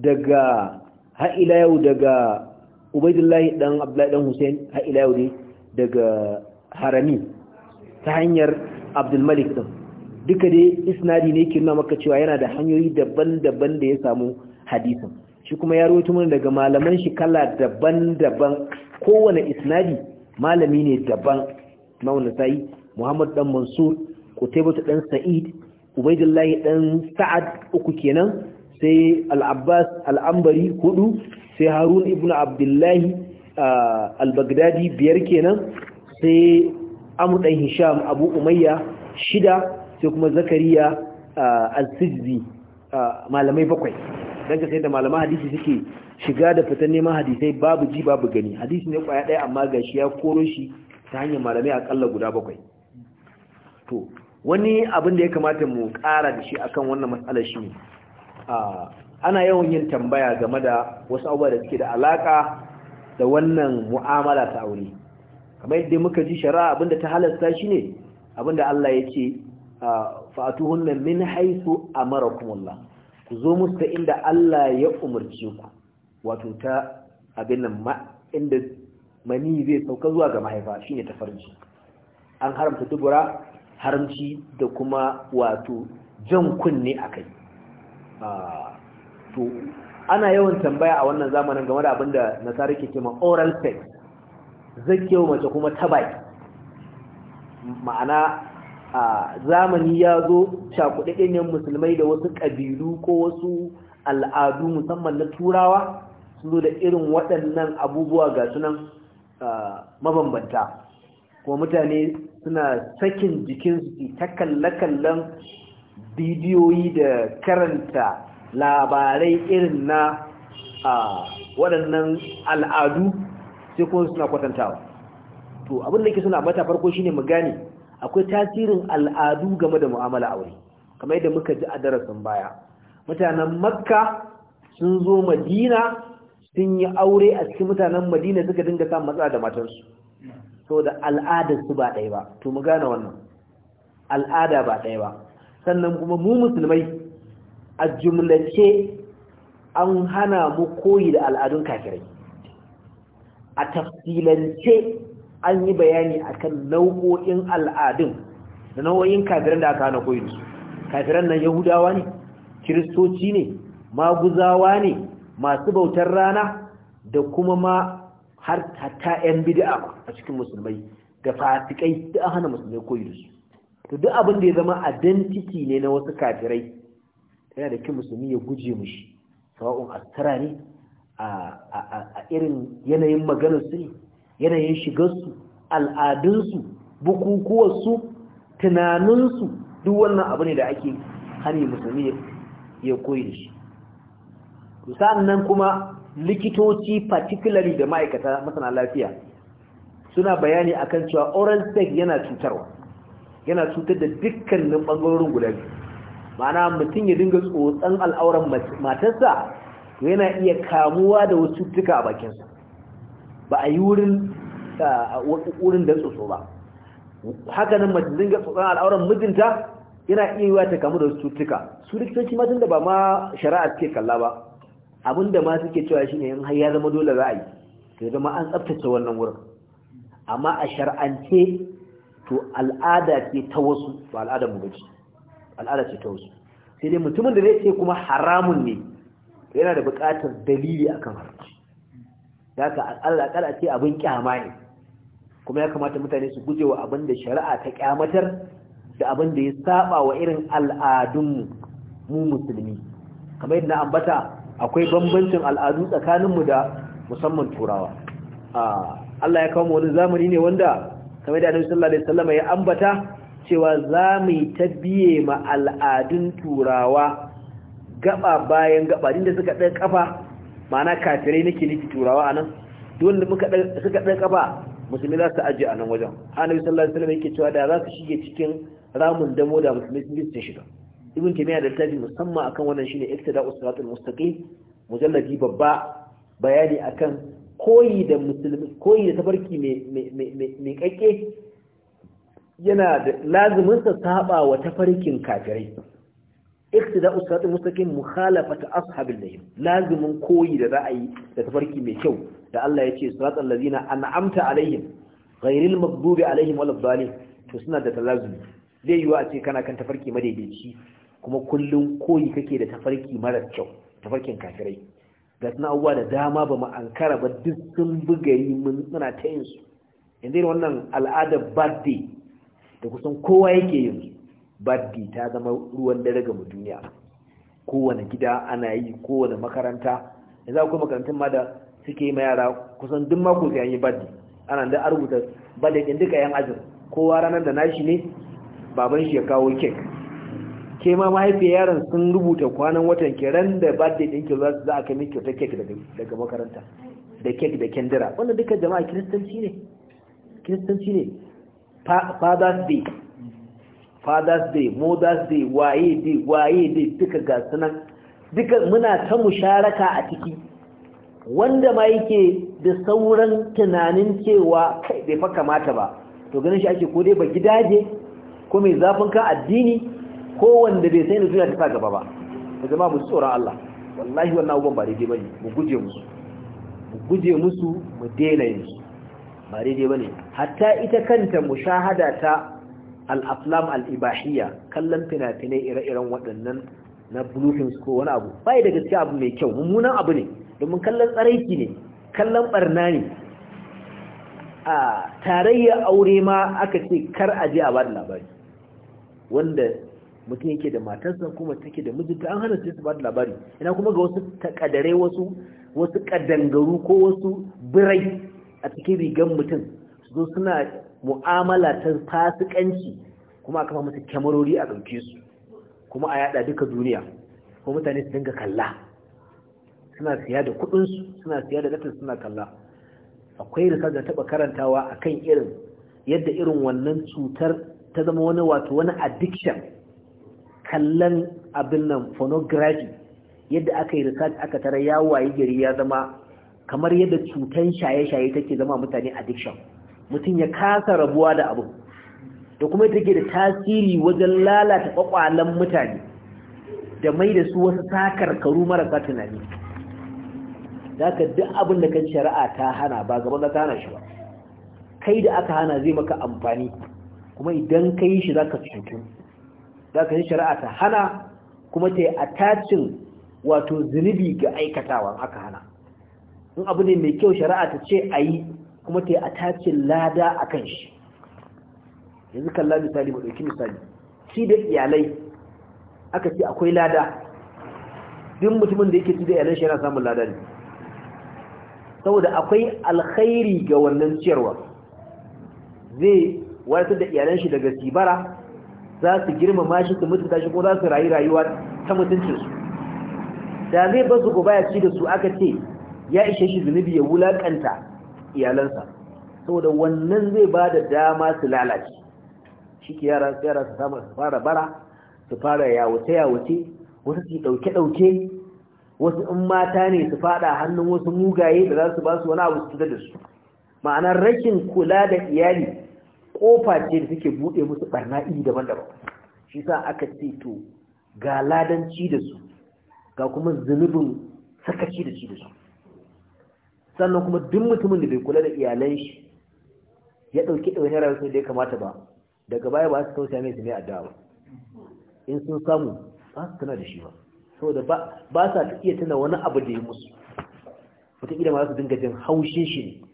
daga har yau daga Ubaydullah dan Abdullah dan Hussein har yau daga Harami ta hanyar Abdul Malik din duka dai isnadi ne yake nuna maka cewa yana da hanyoyi daban-daban da ya samu hadisin shi kuma ya rawaito mana daga malaman shi kala daban-daban kowane isnadi malami ne daban na sai muhammad dan mansur Taibatu dan sa'id ubaidullahi dan sa'ad uku kenan sai al-abbas al-ambari hudu sai harun Ibn abdullahi al-baghdadi biyar kenan sai amr dan hisham abu umayya shida sai kuma zakariya al-sijzi malamai bakwai dan ka sai da malaman hadisi suke shiga da fitan neman hadisai babu ji babu gani hadisi ne kwaya daya amma gashi ya koro shi ta hanyar malamai akalla guda bakwai to wani abin da ya kamata mu ƙara da shi akan wannan matsalar shi ana yawan yin tambaya game da wasu abubuwa da suke da alaka da wannan mu'amala ta aure kamar yadda muka ji shari'a da ta halasta shi ne abin da Allah ya ce fa'atuhunna min haythu amarakumullah ku zo musu ta inda Allah ya umarci ku wato ta abin nan ma inda mani zai sauka zuwa ga mahaifa shine ta farji an haramta dubura haramci da kuma wato jan kunne a kai ah, to ana yawan tambaya a wannan zamanin game da abinda nasara ke kima oral sex zakewa mace kuma ta ma'ana a zamani ya zo cakuɗaɗɗen musulmai da wasu kabilu ko wasu al'adu musamman na turawa su zo da irin waɗannan abubuwa ga sunan ah, mabambanta kuma mutane suna sakin jikinsu ta kalle-kallen bidiyoyi da karanta labarai irin na waɗannan al'adu sai kuma suna kwatantawa to abin da ke suna mata farko shine mu gane akwai tasirin al'adu game da mu'amala aure kamar yadda muka ji a darasin baya mutanen makka sun zo madina sun yi aure a cikin mutanen madina suka dinga sa matsala da matansu saboda al'adar su ba ɗaya ba to mu gane wannan al'ada ba ɗaya ba sannan kuma mu musulmai a jumlace an hana mu koyi da al'adun kafirai a tafsilance an yi bayani akan nau'o'in al'adun da nau'o'in kafiran da aka hana koyi su kafiran nan yahudawa ne kiristoci ne maguzawa ne masu bautar rana da kuma ma har hatta yan bid'a a cikin musulmai da fasikai da hana musulmai koyi da su to duk abin da ya zama identity ne na wasu kafirai yana da kin musulmi ya guje mushi sawa'un astara ne a irin yanayin maganar su ne yanayin shigarsu al'adunsu bukukuwarsu tunaninsu duk wannan abu ne da ake hani musulmi ya koyi da shi sa'an nan kuma likitoci particularly da ma'aikata masana lafiya suna bayani akan cewa oral sex yana cutarwa yana cutar da dukkanin bangarorin guda biyu ma'ana mutum ya dinga tsotsan al'auran matarsa yana iya kamuwa da wasu cututtuka a bakinsa ba a yi wurin da tsotso ba hakanan mace dinga tsotsan al'auran mijinta yana iya yiwa ta kamu da wasu cututtuka su likitoci matan da ba ma shari'a suke kalla ba abinda ma suke cewa shine in har ya zama dole za a yi to zama an tsaftace wannan wurin amma a shar'ance to al'ada ce ta wasu To al'ada mu bace al'ada ce ta wasu sai dai mutumin da zai ce kuma haramun ne yana da buƙatar dalili akan haramci daga al'ada kada ce abin kyama ne kuma ya kamata mutane su gujewa abin da shari'a ta kyamatar da abin da ya saba wa irin al'adun mu musulmi kamar yadda ambata akwai bambancin al'adu tsakaninmu da musamman turawa Allah ya kawo mu wani zamani ne wanda kamar da Annabi sallallahu alaihi wasallam ya ambata cewa za mu yi biye ma al'adun turawa gaba bayan gaba din da suka dan kafa ma'ana kafirai nake nufi turawa anan da muka suka dan kafa musulmi za su aje anan wajen Annabi sallallahu alaihi wasallam yake cewa da za su shige cikin ramun damo da musulmi sun shiga ibn taymiya da littafi musamman akan wannan shine iktida'us usratul mustaqim mujalladi babba bayani akan koyi da musulmi koyi da tabarki mai kakke yana da lazimin sa saba wa tafarkin kafirai iktida'us usratul mustaqim mukhalafat ashabil layl lazimin koyi da ra'ayi da tafarki mai kyau da Allah ya ce ladina an'amta alaihim ghayril maghdubi alaihim waladdallin to suna da talazumi zai yiwu a ce kana kan tafarki madaidaici kuma kullum koyi kake da tafarki marar kyau tafarkin kafirai ga suna abubuwa da dama ba ma'ankara ba duk sun yi muna ta yin su yanzu yin wannan al'adar birthday da kusan kowa yake yin birthday ta zama ruwan dare ga duniya kowane gida ana yi kowane makaranta za akwai makarantun ma da suke yi ma yara kusan duk mako sai an yi birthday ana da a rubuta birthday ɗin duka yan ajin kowa ranar da nashi ne baban shi ya kawo kek ke ma mahaifiyar yaron sun rubuta kwanan watan ke ran da birthday din ki za a ka miki kyautar cake daga makaranta da cake da kendira wannan duka jama'a kiristanci ne kiristanci ne father's day father's day mother's day waye day waye day duka ga sunan duka muna ta musharaka a ciki wanda ma yake da sauran tunanin cewa kai bai fa kamata ba to ganin shi ake ko dai ba gidaje ko mai zafin ka addini kowanda bai sai da duniya ta gaba ba ta zama mu tsoron Allah wallahi wannan abubuwan ba daidai bane mu guje musu mu guje musu mu daina yin su ba daidai bane hatta ita kanta mushahada ta al-aflam al-ibahiyya kallon fina-finai ire-iren waɗannan na bluefins ko wani abu Ba da gaske abu mai kyau mummunan abu ne domin kallon tsaraiki ne kallon barna ne a tarayya aure ma aka ce kar a je a ba da labari wanda mutum yake da matarsa kuma take da mijinta an hana su ba da labari ina kuma ga wasu takadare wasu wasu kadangaru ko wasu birai a cikin rigan mutum su zo suna mu'amala ta fasikanci kuma a kafa musu kyamarori a ɗauke su kuma a yada duka duniya ko mutane su dinga kalla suna siya da kuɗinsu suna siya da latin suna kalla akwai risar da taɓa karantawa akan irin yadda irin wannan cutar ta zama wani wato wani addiction kallon abin nan phonography yadda aka yi research aka tara ya waye gari ya zama kamar yadda cutan shaye-shaye take zama mutane addiction mutum ya kasa rabuwa da abu da kuma take da tasiri wajen lalata kwakwalen mutane da mai da su wasu karu marasa tunani za ka duk abin da kan shari'a ta hana ba gaba da ta hana shi ba kai da aka hana zai maka amfani kuma idan ka shi zaka ka cutu da ka shari'a ta hana kuma ta yi attacin wato zunubi ga aikatawan aka hana in abu ne mai kyau shari'a ta ce a yi kuma ta yi attacin lada a kan shi yanzu kalla misali mu ɗauki misali ci da iyalai aka ce akwai lada duk mutumin da yake ci da iyalai shi yana samun lada ne saboda akwai alkhairi ga wannan ciyarwa zai wadatar da iyalan shi daga sibara za su girmama shi su mutunta shi ko za su rayu rayuwa ta mutuncinsu da zai ba su gobaya ya ci da su aka ce ya ishe shi zunubi ya wulakanta iyalansa saboda wannan zai ba da dama su lalace shi ke yara yara su samu su fara bara su fara yawace yawace wasu su ɗauke-ɗauke. wasu in mata ne su fada hannun wasu mugaye da za su ba su wani abu su da su ma'anar rashin kula da iyali Ƙofa ce da suke buɗe musu ɓarna iri daban-daban shi sa aka ce to ga ladanci da su ga kuma zunubin sakaci da ci da su sannan kuma duk mutumin da bai kula da iyalan shi ya ɗauki ɗauki rayuwar da ya kamata ba daga baya ba su tausaya mai su mai addu'a in sun samu ba su tana da shi ba saboda ba sa iya tana wani abu da ya musu wataƙila ma su dinga jin haushin shi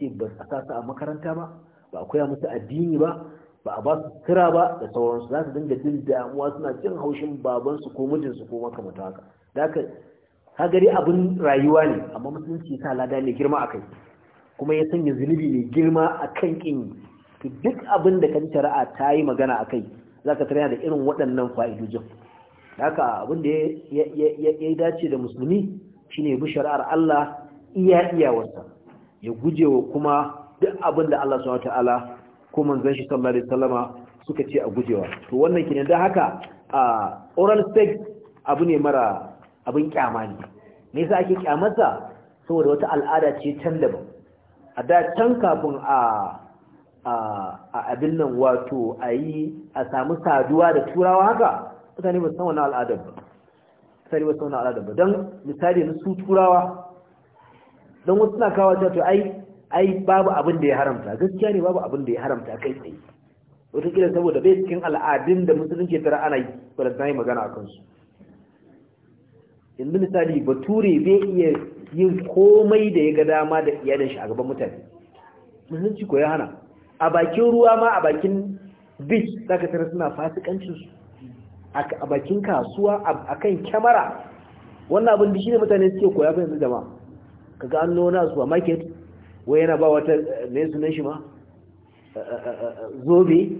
ne ba a sa a makaranta ba ba a koya musu addini ba ba a ba su kira ba da sauransu za su dinga jin damuwa suna jin haushin babansu ko mijinsu ko makamata haka da haka hagari abin rayuwa ne amma musulunci sa lada mai girma a kai kuma ya sanya zunubi mai girma a kan ƙin to duk abin da kan shari'a ta yi magana a kai za ka tara da irin waɗannan fa'idojin haka abin da ya dace da musulmi shine bi shari'ar Allah iya iyawarsa ya guje wa kuma duk abin da Allah subhanahu wataala ko manzon shi sallallahu alaihi wasallama suka ce a gujewa to wannan kine dan haka oral sex abu ne mara abin kyama ne me yasa ake kyamarsa saboda wata al'ada ce can daban a da can kafin a a abin nan wato a yi a samu saduwa da turawa haka mutane ba san wani al'adar ba mutane ba san wani al'adar ba don misali na su turawa don wasu na kawo ta to ai ai babu abin da ya haramta gaskiya ne babu abin da ya haramta kai tsaye wataƙila saboda bai cikin al'adun da musulunci tara ana yi magana a kansu yanzu misali bature bai iya yin komai da ya ga dama da iyalin shi a gaban mutane musulunci ko ya hana a bakin ruwa ma a bakin beach zaka tara suna fasikancinsu a bakin kasuwa akan kan kyamara wannan abin da shi ne mutane suke koya fa yanzu jama'a kaga an nuna a market wai yana ba wata mai shi ma zobe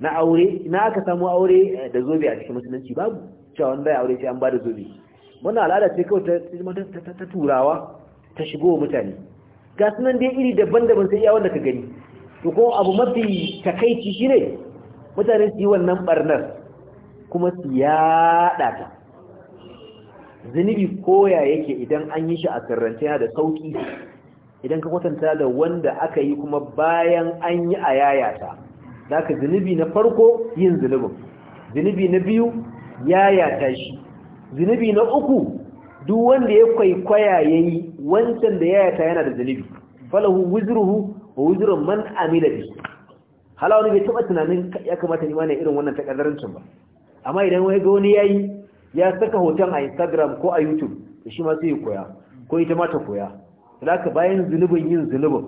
na aure na aka samu aure da zobe a cikin musulunci babu cewa wanda ya aure sai an ba da zobe wannan al'ada ce kawai ta turawa ta shigo mutane ga sunan dai iri daban-daban sai iya wanda ka gani to kuma abu mafi takaici shine mutane su yi wannan barnar kuma su yaɗa ta zunubi koya yake idan an yi shi a sirrance da sauki idan ka kwatanta da wanda aka yi kuma bayan an yi a yayata za ka zunubi na farko yin zunubin zunubi na biyu yayata shi zunubi na uku duk wanda ya kwaikwaya ya yi wancan da yayata yana da zunubi falahu wuzuruhu wa wuzurun man amila bi hala wani bai taɓa tunanin ya kamata ni ma ne irin wannan takazarancin ba amma idan wai ga wani yayi ya saka hoton a Instagram ko a YouTube shi ma sai koya ko ita ma ta koya zaka bayan zunubin yin zunubin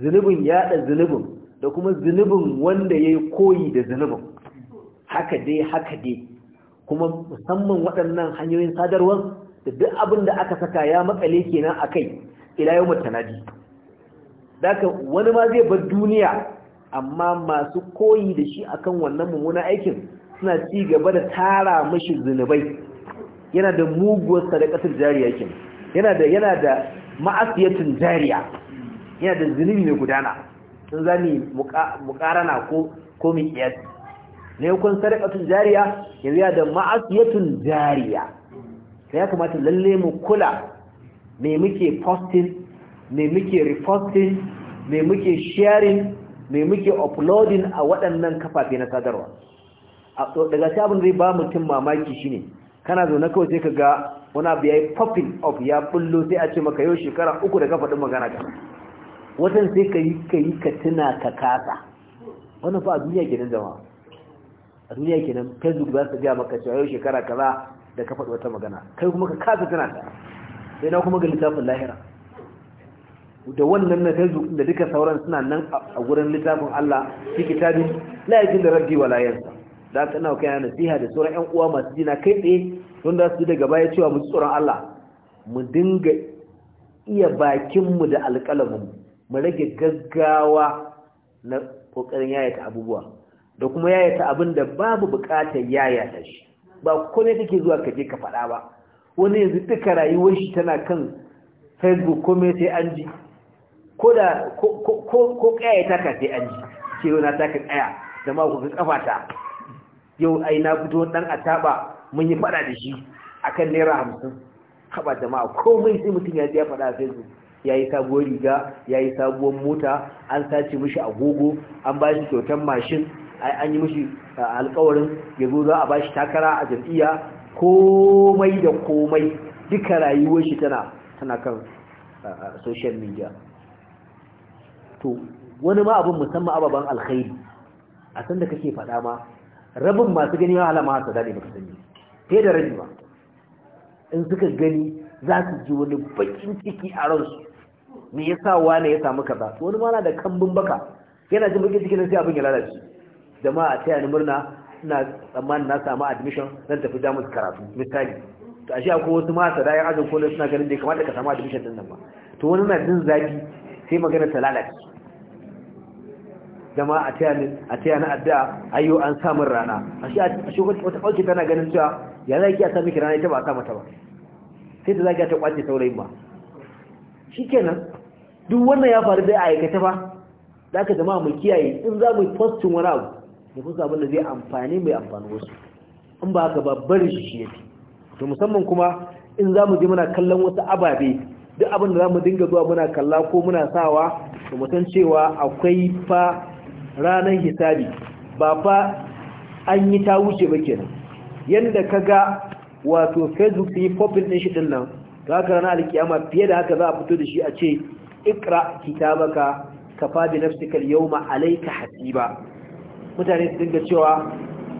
zunubin yada zunubin da kuma zunubin wanda yayi koyi da zunubin haka dai haka dai kuma musamman waɗannan hanyoyin sadarwar da duk abin da aka saka ya makale kenan akai ila yau mutanadi zaka wani ma zai bar duniya amma masu koyi da shi akan wannan mummunan aikin suna ci gaba da tara mashi zunubai yana da muguwar sadakatar jariya kenan yana da yana da ma'asiyatin jariya yana da zunubi mai gudana sun zami mukarana ko ko mai na ne kun jariya yanzu ya da ma'asiyatun jariya sai ya kamata lalle mu kula me muke posting me muke reposting me muke sharing me muke uploading a waɗannan kafafe na sadarwa daga sai abin ba mutum mamaki shine kana zaune kawai sai ka ga wani abu ya yi popping up ya bullo sai a ce maka yau shekara uku da kafaɗin magana ka watan sai ka yi ka yi ka tuna ka kasa wannan fa a duniya kenan zama a duniya kenan facebook za su gaya maka cewa yau shekara kaza da kafa faɗi wata magana kai kuma ka kasa tana ta sai na kuma ga littafin lahira da wannan na facebook da duka sauran suna nan a gurin littafin Allah fi kitabin la da rabbi wa yansa da aka nawa kai nasiha da sauran yan uwa masu jina kai tsaye don da su daga baya cewa mu tsoron Allah mu dinga iya bakin mu da alƙalamin mu rage gaggawa na kokarin yayata abubuwa da kuma yayata abin da babu buƙatar yayata shi ba ko ne kake zuwa ka ka faɗa ba wani yanzu duka rayuwar shi tana kan facebook ko me sai an ji ko da ko ko ko ka sai an ji ce na ta ka tsaya da ma ku kafata yau ai na fito dan ataba mun yi fada da shi akan naira hamsin haba jama'a komai sai mutum ya je ya fada a facebook ya yi sabuwar riga ya yi sabuwar mota an sace mishi agogo an ba shi kyautar mashin an yi mishi alkawarin ya zo a ba shi takara a jam'iyya komai da komai duka rayuwar shi tana tana kan social media to wani ma abin musamman ababen alkhairi a san da kake fada ma rabin masu gani wahala ma su daɗe baka sani sai da rabi ba in suka gani za su ji wani bakin ciki a ransu me yasa wani ya samu kaza wani ma na da kambun baka yana jin bakin na sai abin ya lalace jama'a ta ni murna na tsammanin na samu admission zan tafi jamus karatu misali to ashe akwai wasu ma da ya ajin kole suna ganin da kamata ka samu admission din nan ba to wani na jin zafi sai magana ta lalace jama'a a taya na a taya ayyo an samu rana a shi wata kauce tana ganin cewa ya zaki a sami rana ita ba a sa mata ba sai da zaki ta kwace saurayin ba shikenan duk wannan ya faru dai a aikata ba da aka jama'a mu kiyaye in za mu yi postin wani abu da kusa abin da zai amfani mai amfani wasu in ba haka babbar shi shi yafi to musamman kuma in za mu je muna kallon wasu ababe duk abin da za mu dinga zuwa muna kalla ko muna sawa to mutan cewa akwai fa ranar hisabi ba fa an yi ta wuce ba kenan Yadda ka ga wato facebook yi popin ɗin shi ɗin nan za ka rana alkiyama fiye da haka za a fito da shi a ce ikra kitabaka kafa bi nafsikal yawma alayka hasiba mutane su dinga cewa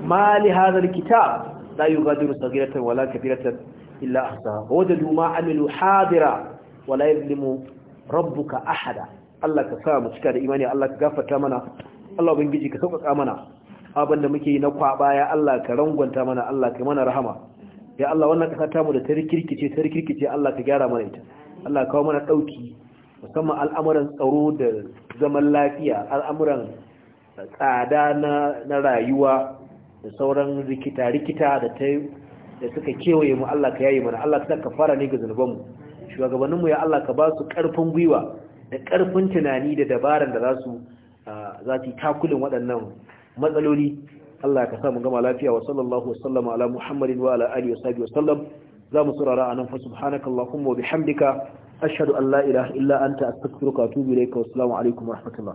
ma kita hadha alkitab la yughadiru saghiratan wala kabiratan illa asa. wajadu duma amilu hadira wala yuzlimu rabbuka ahada Allah ka sa mu cika da imani Allah ka gafarta mana Allah ubangiji ka sauƙaƙa mana abin da muke yi na kwaba ya Allah ka rangwanta mana Allah ka mana rahama ya Allah wannan ƙasa ta mu da ta rikirkice Allah ka gyara mana ita Allah kawo mana ɗauki musamman al'amuran tsaro da zaman lafiya al'amuran tsada na rayuwa da sauran rikita-rikita da suka kewaye mu Allah ka yayi mana Allah ka fara ne ga zunubanmu shugabanninmu ya Allah ka ba su ƙarfin gwiwa da ƙarfin tunani da dabaran da za su za ta yi takulin waɗannan matsaloli Allah ka samu gama lafiya wa sallallahu sallam, ala muhammadin wa ala alihi wa sahbihi wa sallam za mu surara anan fa Allahumma wa bihamdika ashhadu an la ilaha illa anta astaghfiruka wa atubu ilayka wa assalamu alaikum wa rahmatullah